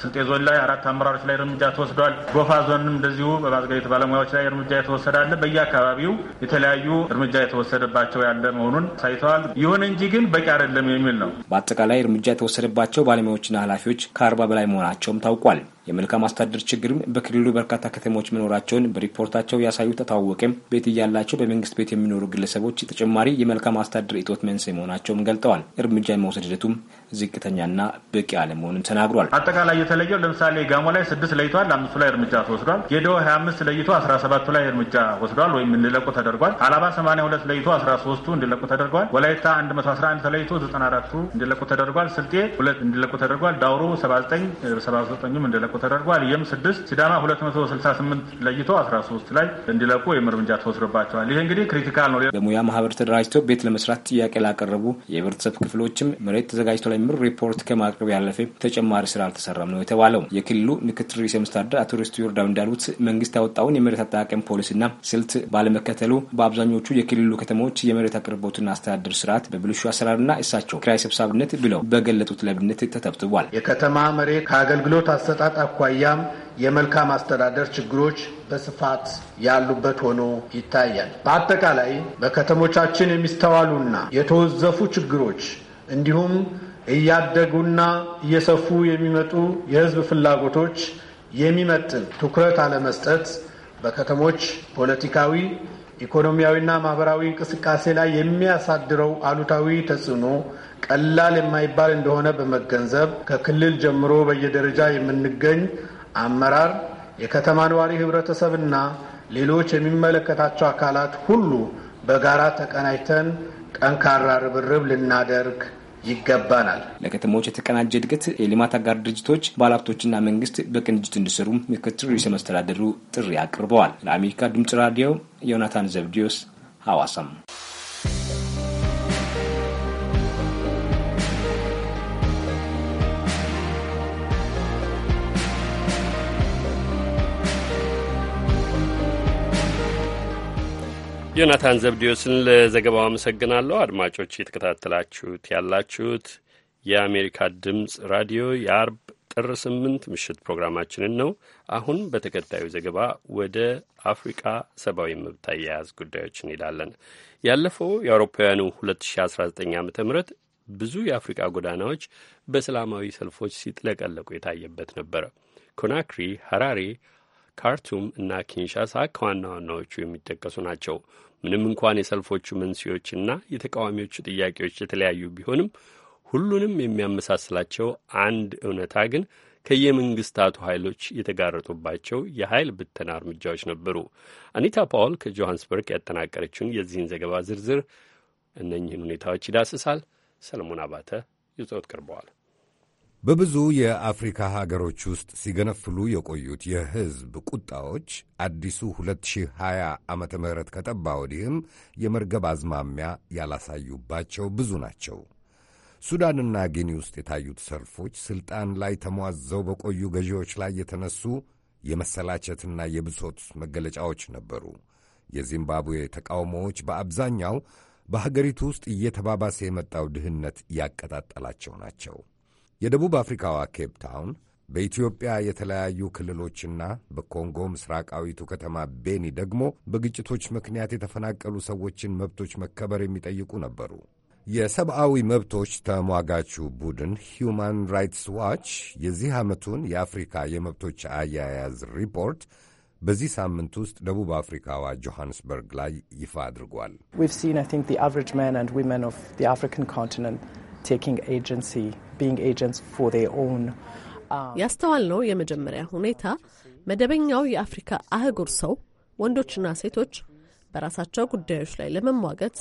ስልጤ ዞን ላይ አራት አመራሮች ላይ እርምጃ ተወስዷል። ጎፋ ዞንም እንደዚሁ በማዘጋጀት ባለሙያዎች ላይ እርምጃ የተወሰደ አለ። በየአካባቢው የተለያዩ እርምጃ የተወሰደባቸው ያለ መሆኑን ሳይተዋል። ይሁን እንጂ ግን በቂ አይደለም የሚል ነው። በአጠቃላይ እርምጃ የተወሰደባቸው ባለሙያዎችና ኃላፊዎች ከአርባ በላይ መሆናቸውም ታውቋል። የመልካም አስተዳደር ችግርም በክልሉ በርካታ ከተሞች መኖራቸውን በሪፖርታቸው ያሳዩት ታወቀም ቤት እያላቸው በመንግስት ቤት የሚኖሩ ግለሰቦች ተጨማሪ የመልካም አስተዳደር እጦት መንስኤ መሆናቸውም ገልጠዋል። እርምጃ የመውሰድ ሂደቱም ዝቅተኛና በቂ አለመሆኑን ተናግሯል። አጠቃላይ የተለየው ለምሳሌ ጋሞ ላይ ስድስት ለይቷል፣ አምስቱ ላይ እርምጃ ተወስዷል። ጌዲኦ ሀያ አምስት ለይቶ አስራ ሰባቱ ላይ እርምጃ ወስዷል ወይም እንዲለቁ ተደርጓል። አላባ ሰማንያ ሁለት ለይቶ አስራ ሶስቱ እንዲለቁ ተደርጓል። ወላይታ አንድ መቶ አስራ አንድ ተለይቶ ዘጠና አራቱ እንዲለቁ ተደርጓል። ስልጤ ሁለት እንዲለቁ ተደርጓል። ዳውሮ ሰባ ዘጠኝ ሰባ ዘጠኙም እንዲለቁ ተደርጓል። ይህም ስድስት ሲዳማ ሁለት መቶ ስልሳ ስምንት ለይቶ አስራ ሶስት ላይ እንዲለቁ ወይም እርምጃ ተወስዶባቸዋል። ይህ እንግዲህ ክሪቲካል ነው። በሙያ ማህበር ተደራጅቶ ቤት ለመስራት ጥያቄ ላቀረቡ የህብረተሰብ ክፍሎችም መሬት ተዘጋጅቶ ላይ ለሚምር ሪፖርት ከማቅረብ ያለፈ ተጨማሪ ስራ አልተሰራም ነው የተባለው። የክልሉ ምክትል ርዕሰ መስተዳድር አቶ ሪስቱ ይርዳው እንዳሉት መንግስት ያወጣውን የመሬት አጠቃቀም ፖሊሲና ስልት ባለመከተሉ በአብዛኞቹ የክልሉ ከተሞች የመሬት አቅርቦትና አስተዳደር ስርዓት በብልሹ አሰራርና እሳቸው ኪራይ ሰብሳቢነት ብለው በገለጹት ለብነት ተተብትቧል። የከተማ መሬት ከአገልግሎት አሰጣጥ አኳያም የመልካም አስተዳደር ችግሮች በስፋት ያሉበት ሆኖ ይታያል። በአጠቃላይ በከተሞቻችን የሚስተዋሉና የተወዘፉ ችግሮች እንዲሁም እያደጉና እየሰፉ የሚመጡ የህዝብ ፍላጎቶች የሚመጥን ትኩረት አለመስጠት በከተሞች ፖለቲካዊ፣ ኢኮኖሚያዊና ማህበራዊ እንቅስቃሴ ላይ የሚያሳድረው አሉታዊ ተጽዕኖ ቀላል የማይባል እንደሆነ በመገንዘብ ከክልል ጀምሮ በየደረጃ የምንገኝ አመራር፣ የከተማ ነዋሪ ህብረተሰብና ሌሎች የሚመለከታቸው አካላት ሁሉ በጋራ ተቀናጅተን ጠንካራ ርብርብ ልናደርግ ይገባናል። ለከተሞች የተቀናጀ እድገት የልማት አጋር ድርጅቶች ባለሀብቶችና መንግስት በቅንጅት እንዲሰሩ ምክትል ርዕሰ መስተዳደሩ ጥሪ አቅርበዋል። ለአሜሪካ ድምጽ ራዲዮ ዮናታን ዘብዲዮስ ሐዋሳም ዮናታን ዘብዲዮስን ለዘገባው አመሰግናለሁ። አድማጮች የተከታተላችሁት ያላችሁት የአሜሪካ ድምፅ ራዲዮ የአርብ ጥር ስምንት ምሽት ፕሮግራማችንን ነው። አሁን በተከታዩ ዘገባ ወደ አፍሪቃ ሰብአዊ መብት አያያዝ ጉዳዮች እንሄዳለን። ያለፈው የአውሮፓውያኑ 2019 ዓ ም ብዙ የአፍሪቃ ጎዳናዎች በሰላማዊ ሰልፎች ሲጥለቀለቁ የታየበት ነበረ። ኮናክሪ፣ ሐራሬ ካርቱም እና ኪንሻሳ ከዋና ዋናዎቹ የሚጠቀሱ ናቸው። ምንም እንኳን የሰልፎቹ መንስኤዎችና የተቃዋሚዎቹ ጥያቄዎች የተለያዩ ቢሆንም ሁሉንም የሚያመሳስላቸው አንድ እውነታ ግን ከየመንግስታቱ ኃይሎች የተጋረጡባቸው የኃይል ብተና እርምጃዎች ነበሩ። አኒታ ፓውል ከጆሃንስበርግ ያጠናቀረችውን የዚህን ዘገባ ዝርዝር እነኝህን ሁኔታዎች ይዳስሳል። ሰለሞን አባተ ይዞት ቀርበዋል። በብዙ የአፍሪካ ሀገሮች ውስጥ ሲገነፍሉ የቆዩት የሕዝብ ቁጣዎች አዲሱ 2020 ዓመተ ምህረት ከጠባ ወዲህም የመርገብ አዝማሚያ ያላሳዩባቸው ብዙ ናቸው። ሱዳንና ጊኒ ውስጥ የታዩት ሰልፎች ሥልጣን ላይ ተሟዘው በቆዩ ገዢዎች ላይ የተነሱ የመሰላቸትና የብሶት መገለጫዎች ነበሩ። የዚምባብዌ ተቃውሞዎች በአብዛኛው በሀገሪቱ ውስጥ እየተባባሰ የመጣው ድህነት ያቀጣጠላቸው ናቸው። የደቡብ አፍሪካዋ ኬፕ ታውን በኢትዮጵያ የተለያዩ ክልሎችና በኮንጎ ምስራቃዊቱ ከተማ ቤኒ ደግሞ በግጭቶች ምክንያት የተፈናቀሉ ሰዎችን መብቶች መከበር የሚጠይቁ ነበሩ። የሰብአዊ መብቶች ተሟጋቹ ቡድን ሂዩማን ራይትስ ዋች የዚህ ዓመቱን የአፍሪካ የመብቶች አያያዝ ሪፖርት በዚህ ሳምንት ውስጥ ደቡብ አፍሪካዋ ጆሃንስበርግ ላይ ይፋ አድርጓል። Um, ያስተዋልነው የመጀመሪያ ሁኔታ መደበኛው የአፍሪካ አህጉር ሰው ወንዶችና ሴቶች በራሳቸው ጉዳዮች ላይ ለመሟገት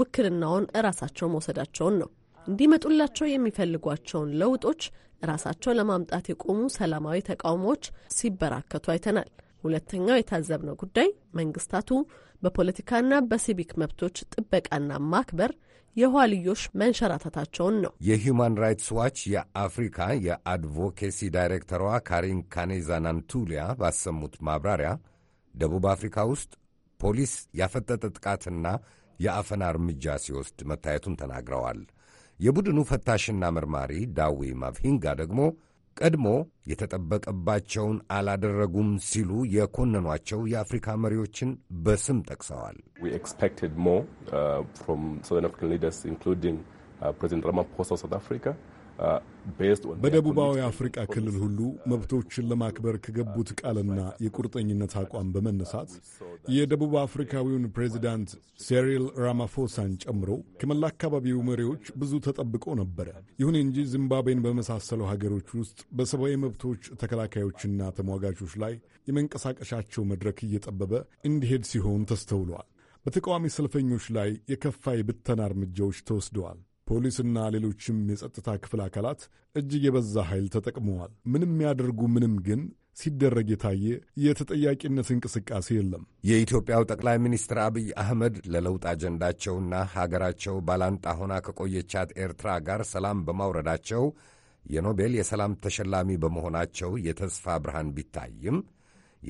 ውክልናውን እራሳቸው መውሰዳቸውን ነው። እንዲመጡላቸው የሚፈልጓቸውን ለውጦች ራሳቸው ለማምጣት የቆሙ ሰላማዊ ተቃውሞዎች ሲበራከቱ አይተናል። ሁለተኛው የታዘብነው ጉዳይ መንግስታቱ በፖለቲካና በሲቪክ መብቶች ጥበቃና ማክበር የኋልዮሽ መንሸራተታቸውን ነው። የሂውማን ራይትስ ዋች የአፍሪካ የአድቮኬሲ ዳይሬክተሯ ካሪን ካኔዛ ናንቱሊያ ባሰሙት ማብራሪያ ደቡብ አፍሪካ ውስጥ ፖሊስ ያፈጠጠ ጥቃትና የአፈና እርምጃ ሲወስድ መታየቱን ተናግረዋል። የቡድኑ ፈታሽና መርማሪ ዳዊ ማቭሂንጋ ደግሞ ቀድሞ የተጠበቀባቸውን አላደረጉም ሲሉ የኮነኗቸው የአፍሪካ መሪዎችን በስም ጠቅሰዋል። ፕሬዚደንት ራማፖሳ ሳውዝ አፍሪካ በደቡባዊ አፍሪቃ ክልል ሁሉ መብቶችን ለማክበር ከገቡት ቃልና የቁርጠኝነት አቋም በመነሳት የደቡብ አፍሪካዊውን ፕሬዚዳንት ሴሪል ራማፎሳን ጨምሮ ከመላ አካባቢው መሪዎች ብዙ ተጠብቆ ነበረ። ይሁን እንጂ ዚምባብዌን በመሳሰሉ ሀገሮች ውስጥ በሰብአዊ መብቶች ተከላካዮችና ተሟጋቾች ላይ የመንቀሳቀሻቸው መድረክ እየጠበበ እንዲሄድ ሲሆን ተስተውሏል። በተቃዋሚ ሰልፈኞች ላይ የከፋ የብተና እርምጃዎች ተወስደዋል። ፖሊስና ሌሎችም የጸጥታ ክፍል አካላት እጅግ የበዛ ኃይል ተጠቅመዋል። ምንም ያደርጉ ምንም ግን ሲደረግ የታየ የተጠያቂነት እንቅስቃሴ የለም። የኢትዮጵያው ጠቅላይ ሚኒስትር አብይ አህመድ ለለውጥ አጀንዳቸውና ሀገራቸው ባላንጣ ሆና ከቆየቻት ኤርትራ ጋር ሰላም በማውረዳቸው የኖቤል የሰላም ተሸላሚ በመሆናቸው የተስፋ ብርሃን ቢታይም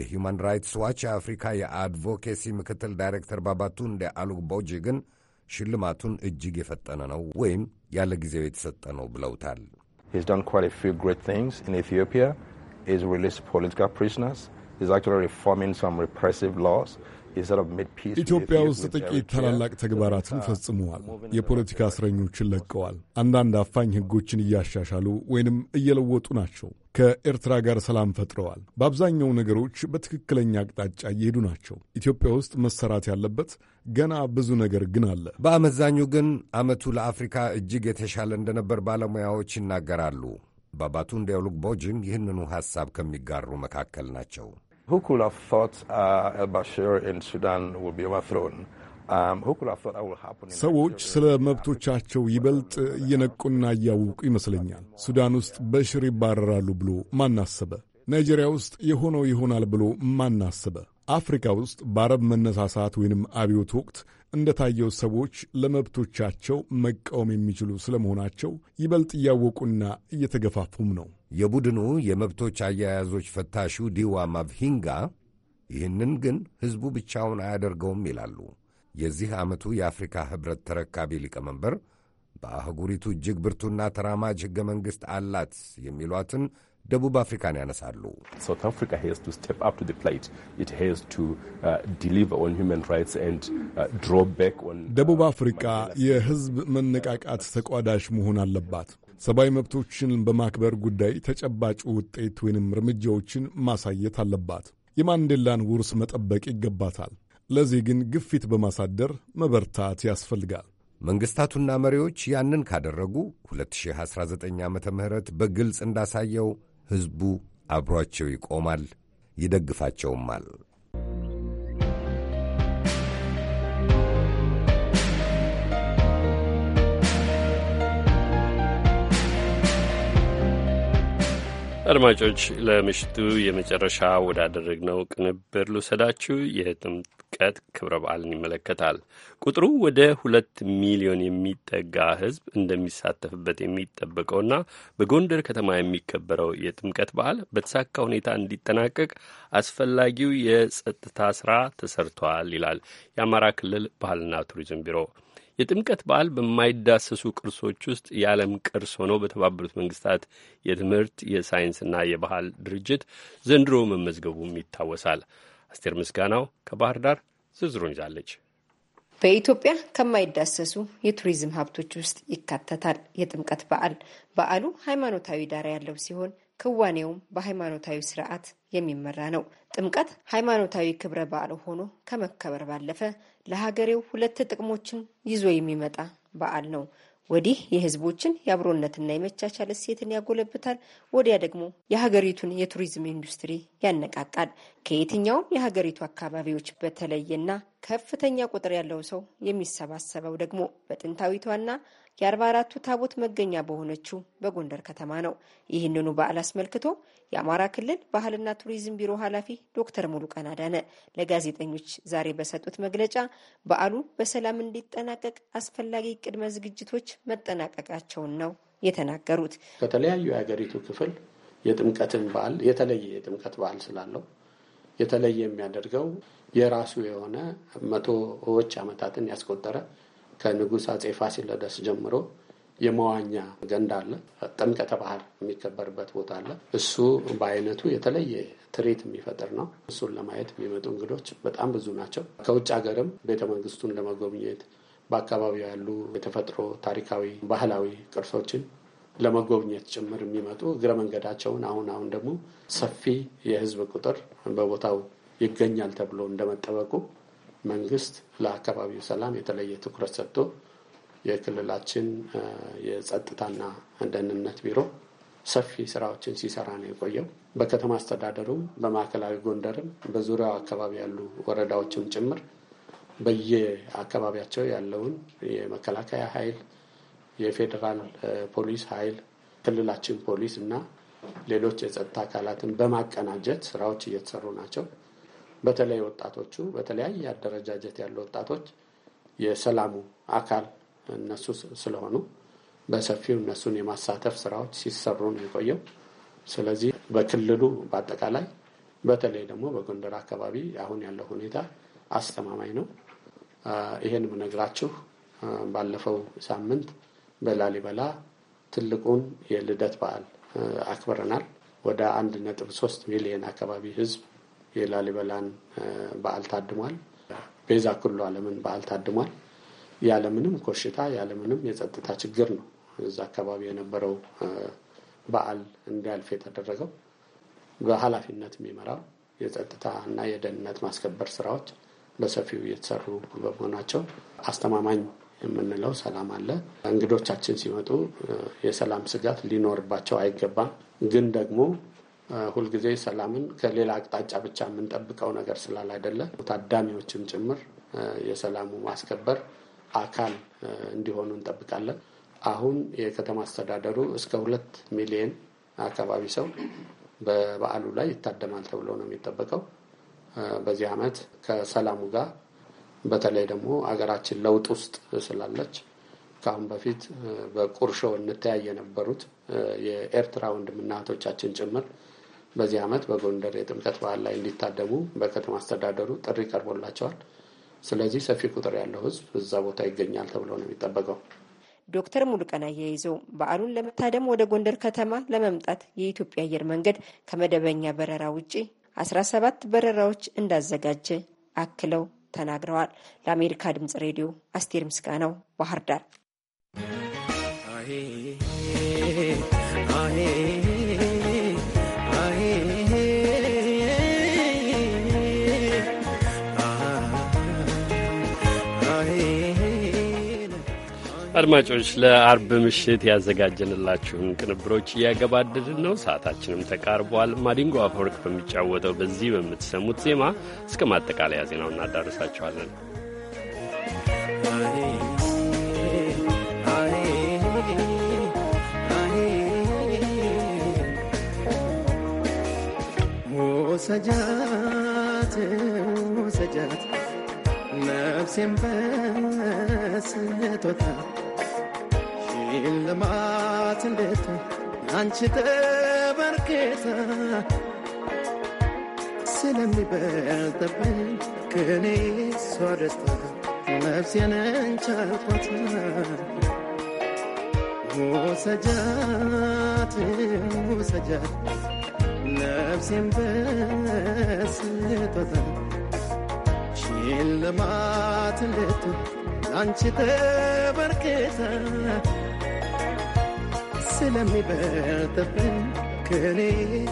የሁማን ራይትስ ዋች የአፍሪካ የአድቮኬሲ ምክትል ዳይሬክተር ባባቱ እንደ አሉቦጂ ግን ሽልማቱን እጅግ የፈጠነ ነው ወይም ያለ ጊዜው የተሰጠ ነው ብለውታል። ኢትዮጵያ ውስጥ ጥቂት ታላላቅ ተግባራትን uh, ፈጽመዋል። የፖለቲካ እስረኞችን ለቀዋል። አንዳንድ አፋኝ ሕጎችን እያሻሻሉ ወይንም እየለወጡ ናቸው። ከኤርትራ ጋር ሰላም ፈጥረዋል። በአብዛኛው ነገሮች በትክክለኛ አቅጣጫ እየሄዱ ናቸው። ኢትዮጵያ ውስጥ መሰራት ያለበት ገና ብዙ ነገር ግን አለ። በአመዛኙ ግን አመቱ ለአፍሪካ እጅግ የተሻለ እንደነበር ባለሙያዎች ይናገራሉ። እንዲያውሉቅ ኦሉግቦጅም ይህንኑ ሐሳብ ከሚጋሩ መካከል ናቸው። Um, ሰዎች ስለ መብቶቻቸው ይበልጥ እየነቁና እያወቁ ይመስለኛል። ሱዳን ውስጥ በሽር ይባረራሉ ብሎ ማናሰበ ናይጄሪያ ውስጥ የሆነው ይሆናል ብሎ ማናሰበ አፍሪካ ውስጥ በአረብ መነሳሳት ወይንም አብዮት ወቅት እንደታየው ሰዎች ለመብቶቻቸው መቃወም የሚችሉ ስለመሆናቸው ይበልጥ እያወቁና እየተገፋፉም ነው። የቡድኑ የመብቶች አያያዞች ፈታሹ ዲዋ ማቭሂንጋ ይህንን ግን ሕዝቡ ብቻውን አያደርገውም ይላሉ። የዚህ ዓመቱ የአፍሪካ ኅብረት ተረካቢ ሊቀመንበር በአህጉሪቱ እጅግ ብርቱና ተራማጅ ሕገ መንግሥት አላት የሚሏትን ደቡብ አፍሪካን ያነሳሉ። uh, uh, uh, ደቡብ አፍሪካ የሕዝብ መነቃቃት ተቋዳሽ መሆን አለባት። ሰብአዊ መብቶችን በማክበር ጉዳይ ተጨባጭ ውጤት ወይንም እርምጃዎችን ማሳየት አለባት። የማንዴላን ውርስ መጠበቅ ይገባታል። ለዚህ ግን ግፊት በማሳደር መበርታት ያስፈልጋል። መንግሥታቱና መሪዎች ያንን ካደረጉ 2019 ዓ ም በግልጽ እንዳሳየው ሕዝቡ አብሯቸው ይቆማል፣ ይደግፋቸውማል። አድማጮች ለምሽቱ የመጨረሻ ወዳደረግነው ቅንብር ልውሰዳችሁ። የጥምቀት ጥምቀት ክብረ በዓልን ይመለከታል። ቁጥሩ ወደ ሁለት ሚሊዮን የሚጠጋ ሕዝብ እንደሚሳተፍበት የሚጠበቀውና በጎንደር ከተማ የሚከበረው የጥምቀት በዓል በተሳካ ሁኔታ እንዲጠናቀቅ አስፈላጊው የጸጥታ ስራ ተሰርቷል ይላል የአማራ ክልል ባህልና ቱሪዝም ቢሮ። የጥምቀት በዓል በማይዳሰሱ ቅርሶች ውስጥ የዓለም ቅርስ ሆኖ በተባበሩት መንግስታት የትምህርት የሳይንስና የባህል ድርጅት ዘንድሮ መመዝገቡም ይታወሳል። አስቴር ምስጋናው ከባህር ዳር ዝርዝሩን ይዛለች። በኢትዮጵያ ከማይዳሰሱ የቱሪዝም ሀብቶች ውስጥ ይካተታል የጥምቀት በዓል። በዓሉ ሃይማኖታዊ ዳራ ያለው ሲሆን ክዋኔውም በሃይማኖታዊ ስርዓት የሚመራ ነው። ጥምቀት ሃይማኖታዊ ክብረ በዓል ሆኖ ከመከበር ባለፈ ለሀገሬው ሁለት ጥቅሞችን ይዞ የሚመጣ በዓል ነው። ወዲህ የህዝቦችን የአብሮነትና የመቻቻል እሴትን ያጎለብታል፣ ወዲያ ደግሞ የሀገሪቱን የቱሪዝም ኢንዱስትሪ ያነቃቃል። ከየትኛውም የሀገሪቱ አካባቢዎች በተለየና ከፍተኛ ቁጥር ያለው ሰው የሚሰባሰበው ደግሞ በጥንታዊቷና የአርባ አራቱ ታቦት መገኛ በሆነችው በጎንደር ከተማ ነው። ይህንኑ በዓል አስመልክቶ የአማራ ክልል ባህልና ቱሪዝም ቢሮ ኃላፊ ዶክተር ሙሉቀን አዳነ ለጋዜጠኞች ዛሬ በሰጡት መግለጫ በዓሉ በሰላም እንዲጠናቀቅ አስፈላጊ ቅድመ ዝግጅቶች መጠናቀቃቸውን ነው የተናገሩት። ከተለያዩ የሀገሪቱ ክፍል የጥምቀትን በዓል የተለየ የጥምቀት በዓል ስላለው የተለየ የሚያደርገው የራሱ የሆነ መቶዎች ዓመታትን ያስቆጠረ ከንጉሥ አጼ ፋሲለደስ ጀምሮ የመዋኛ ገንዳ አለ። ጥምቀተ ባህር የሚከበርበት ቦታ አለ። እሱ በአይነቱ የተለየ ትርኢት የሚፈጥር ነው። እሱን ለማየት የሚመጡ እንግዶች በጣም ብዙ ናቸው። ከውጭ ሀገርም ቤተ መንግስቱን ለመጎብኘት በአካባቢው ያሉ የተፈጥሮ ታሪካዊ፣ ባህላዊ ቅርሶችን ለመጎብኘት ጭምር የሚመጡ እግረ መንገዳቸውን አሁን አሁን ደግሞ ሰፊ የህዝብ ቁጥር በቦታው ይገኛል ተብሎ እንደመጠበቁ መንግስት ለአካባቢው ሰላም የተለየ ትኩረት ሰጥቶ የክልላችን የጸጥታና ደህንነት ቢሮ ሰፊ ስራዎችን ሲሰራ ነው የቆየው። በከተማ አስተዳደሩም በማዕከላዊ ጎንደርም በዙሪያው አካባቢ ያሉ ወረዳዎችም ጭምር በየአካባቢያቸው ያለውን የመከላከያ ኃይል፣ የፌዴራል ፖሊስ ኃይል፣ ክልላችን ፖሊስ እና ሌሎች የጸጥታ አካላትን በማቀናጀት ስራዎች እየተሰሩ ናቸው። በተለይ ወጣቶቹ በተለያየ አደረጃጀት ያሉ ወጣቶች የሰላሙ አካል እነሱ ስለሆኑ በሰፊው እነሱን የማሳተፍ ስራዎች ሲሰሩ ነው የቆየው። ስለዚህ በክልሉ በአጠቃላይ በተለይ ደግሞ በጎንደር አካባቢ አሁን ያለው ሁኔታ አስተማማኝ ነው። ይህን ምነግራችሁ ባለፈው ሳምንት በላሊበላ ትልቁን የልደት በዓል አክብረናል። ወደ አንድ ነጥብ ሶስት ሚሊዮን አካባቢ ህዝብ የላሊበላን በዓል ታድሟል። ቤዛ ኩሉ ዓለምን በዓል ታድሟል። ያለምንም ኮሽታ ያለምንም የጸጥታ ችግር ነው እዛ አካባቢ የነበረው በዓል እንዲያልፍ የተደረገው። በኃላፊነት የሚመራው የጸጥታ እና የደህንነት ማስከበር ስራዎች በሰፊው እየተሰሩ በመሆናቸው አስተማማኝ የምንለው ሰላም አለ። እንግዶቻችን ሲመጡ የሰላም ስጋት ሊኖርባቸው አይገባም። ግን ደግሞ ሁልጊዜ ሰላምን ከሌላ አቅጣጫ ብቻ የምንጠብቀው ነገር አይደለ ታዳሚዎችም ጭምር የሰላሙ ማስከበር አካል እንዲሆኑ እንጠብቃለን። አሁን የከተማ አስተዳደሩ እስከ ሁለት ሚሊዮን አካባቢ ሰው በበዓሉ ላይ ይታደማል ተብሎ ነው የሚጠበቀው። በዚህ ዓመት ከሰላሙ ጋር በተለይ ደግሞ አገራችን ለውጥ ውስጥ ስላለች ከአሁን በፊት በቁርሾ እንተያይ የነበሩት የኤርትራ ወንድምና እህቶቻችን ጭምር በዚህ ዓመት በጎንደር የጥምቀት በዓል ላይ እንዲታደሙ በከተማ አስተዳደሩ ጥሪ ቀርቦላቸዋል። ስለዚህ ሰፊ ቁጥር ያለው ህዝብ እዛ ቦታ ይገኛል ተብሎ ነው የሚጠበቀው። ዶክተር ሙሉቀን አያይዘው በዓሉን ለመታደም ወደ ጎንደር ከተማ ለመምጣት የኢትዮጵያ አየር መንገድ ከመደበኛ በረራ ውጪ 17 በረራዎች እንዳዘጋጀ አክለው ተናግረዋል። ለአሜሪካ ድምጽ ሬዲዮ አስቴር ምስጋናው ባህር ዳር። አድማጮች ለአርብ ምሽት ያዘጋጀንላችሁን ቅንብሮች እያገባደድን ነው። ሰዓታችንም ተቃርቧል። ማዲንጎ አፈወርቅ በሚጫወተው በዚህ በምትሰሙት ዜማ እስከ ማጠቃለያ ዜናው እናዳርሳችኋለን። ሰጃት ሰጃት ነፍሴን በስቶታ ልማት እንዴት አንቺ ተበርኬታ ስለሚበልጥብኝ ከኔ እሷ ደስታ ነፍሴን እንቻልኳት ውሰጃት ውሰጃት ነፍሴን በስቶታ ሽልማት እንዴት አንቺ ተበርኬታ ስለሚበልጥብን ከኔ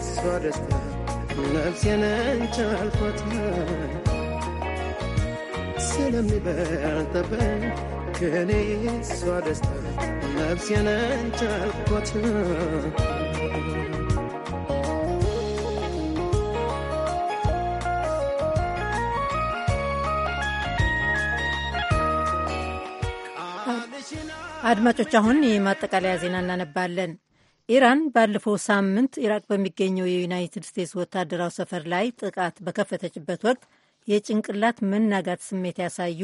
እሷ ደስታ ነፍሴን አንቺ አልፏታል ስለሚበልጥብን ከኔ እሷ ደስታ ነፍሴን አንቺ አልፏታል አድማጮች፣ አሁን የማጠቃለያ ዜና እናነባለን። ኢራን ባለፈው ሳምንት ኢራቅ በሚገኘው የዩናይትድ ስቴትስ ወታደራዊ ሰፈር ላይ ጥቃት በከፈተችበት ወቅት የጭንቅላት መናጋት ስሜት ያሳዩ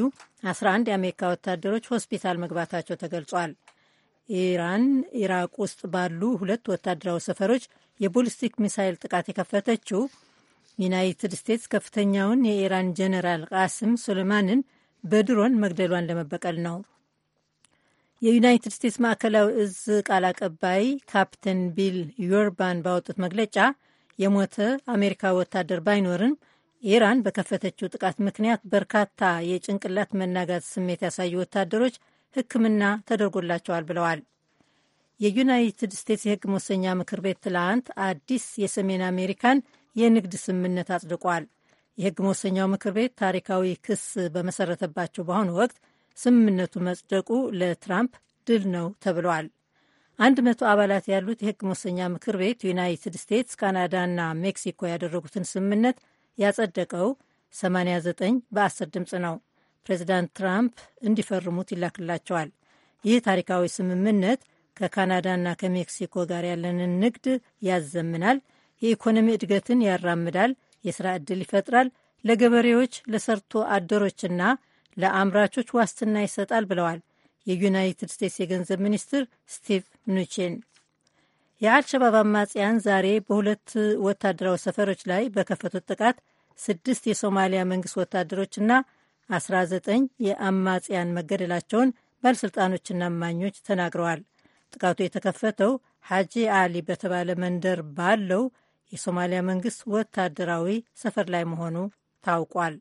11 የአሜሪካ ወታደሮች ሆስፒታል መግባታቸው ተገልጿል። ኢራን ኢራቅ ውስጥ ባሉ ሁለት ወታደራዊ ሰፈሮች የቦሊስቲክ ሚሳይል ጥቃት የከፈተችው ዩናይትድ ስቴትስ ከፍተኛውን የኢራን ጀኔራል ቃስም ሱሌማንን በድሮን መግደሏን ለመበቀል ነው። የዩናይትድ ስቴትስ ማዕከላዊ እዝ ቃል አቀባይ ካፕቴን ቢል ዮርባን ባወጡት መግለጫ የሞተ አሜሪካ ወታደር ባይኖርም ኢራን በከፈተችው ጥቃት ምክንያት በርካታ የጭንቅላት መናጋት ስሜት ያሳዩ ወታደሮች ሕክምና ተደርጎላቸዋል ብለዋል። የዩናይትድ ስቴትስ የሕግ መወሰኛ ምክር ቤት ትላንት አዲስ የሰሜን አሜሪካን የንግድ ስምምነት አጽድቋል። የሕግ መወሰኛው ምክር ቤት ታሪካዊ ክስ በመሰረተባቸው በአሁኑ ወቅት ስምምነቱ መጽደቁ ለትራምፕ ድል ነው ተብሏል። አንድ መቶ አባላት ያሉት የህግ መወሰኛ ምክር ቤት ዩናይትድ ስቴትስ፣ ካናዳና ሜክሲኮ ያደረጉትን ስምምነት ያጸደቀው 89 በ10 ድምፅ ነው። ፕሬዚዳንት ትራምፕ እንዲፈርሙት ይላክላቸዋል። ይህ ታሪካዊ ስምምነት ከካናዳና ከሜክሲኮ ጋር ያለንን ንግድ ያዘምናል፣ የኢኮኖሚ እድገትን ያራምዳል፣ የሥራ ዕድል ይፈጥራል፣ ለገበሬዎች ለሰርቶ አደሮችና ለአምራቾች ዋስትና ይሰጣል ብለዋል የዩናይትድ ስቴትስ የገንዘብ ሚኒስትር ስቲቭ ኑቺን። የአልሸባብ አማጽያን ዛሬ በሁለት ወታደራዊ ሰፈሮች ላይ በከፈቱት ጥቃት ስድስት የሶማሊያ መንግስት ወታደሮችና 19 የአማጽያን መገደላቸውን ባለሥልጣኖችና እማኞች ተናግረዋል። ጥቃቱ የተከፈተው ሐጂ አሊ በተባለ መንደር ባለው የሶማሊያ መንግስት ወታደራዊ ሰፈር ላይ መሆኑ ታውቋል።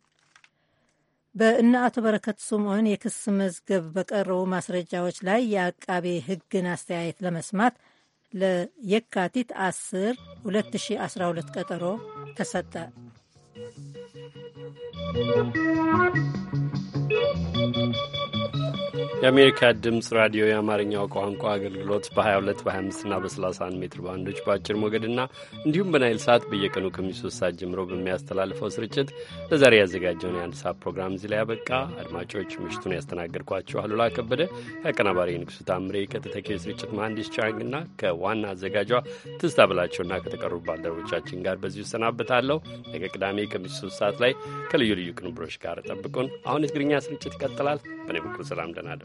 በእነ አቶ በረከት ስምዖን የክስ መዝገብ በቀረቡ ማስረጃዎች ላይ የአቃቤ ሕግን አስተያየት ለመስማት ለየካቲት 10 2012 ቀጠሮ ተሰጠ። የአሜሪካ ድምፅ ራዲዮ የአማርኛው ቋንቋ አገልግሎት በ22 25 እና በ31 ሜትር ባንዶች በአጭር ሞገድና እንዲሁም በናይል ሰዓት በየቀኑ ከምሽቱ ሶስት ሰዓት ጀምሮ በሚያስተላልፈው ስርጭት ለዛሬ ያዘጋጀውን የአንድ ሰዓት ፕሮግራም እዚህ ላይ ያበቃ። አድማጮች ምሽቱን ያስተናገድኳችሁ አሉላ ከበደ ከአቀናባሪ ንጉሱ ታምሬ ከተተኪ ስርጭት መሐንዲስ ቻንግና ከዋና አዘጋጇ ትዝታ ብላቸውና ከተቀሩ ባልደረቦቻችን ጋር በዚሁ እሰናበታለሁ። ነገ ቅዳሜ ከምሽቱ ሶስት ሰዓት ላይ ከልዩ ልዩ ቅንብሮች ጋር ጠብቁን። አሁን የትግርኛ ስርጭት ይቀጥላል። በእኔ በኩል ሰላም ደናደ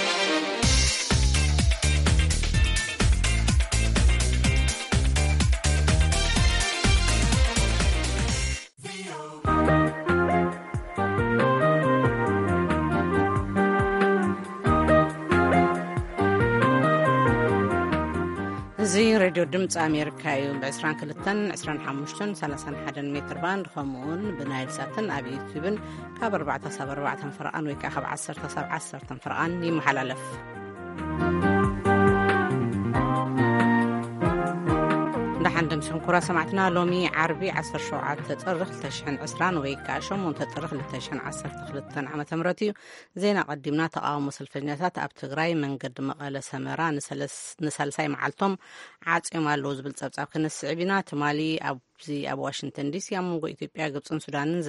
ሬድዮ ድምፂ ኣሜሪካ እዩ ብ22 25 31 ሜትር ባንድ ከምኡውን ብናይል ሳትን ኣብ ዩቲብን ካብ 4 4 ፍርኣን ወይ ከዓ ካብ 1 ሳብ 1 ፍርኣን ይመሓላለፍ عندن شنكورا سمعتنا لومي عربي عصر شوعة تطرخ لتشحن عسران ويكا شمون تطرخ لتشحن عصر تخلطن عمى تمرتي زينا قدمنا تقاوم مسل فجنسات أب تغراي من قد مقالة سمرا نسلساي معالتم عاد إما لوز بلتساب تساب كنس عبنا تمالي أب زي أب واشنطن ديسي أمو إثيبيا قبصن سودانن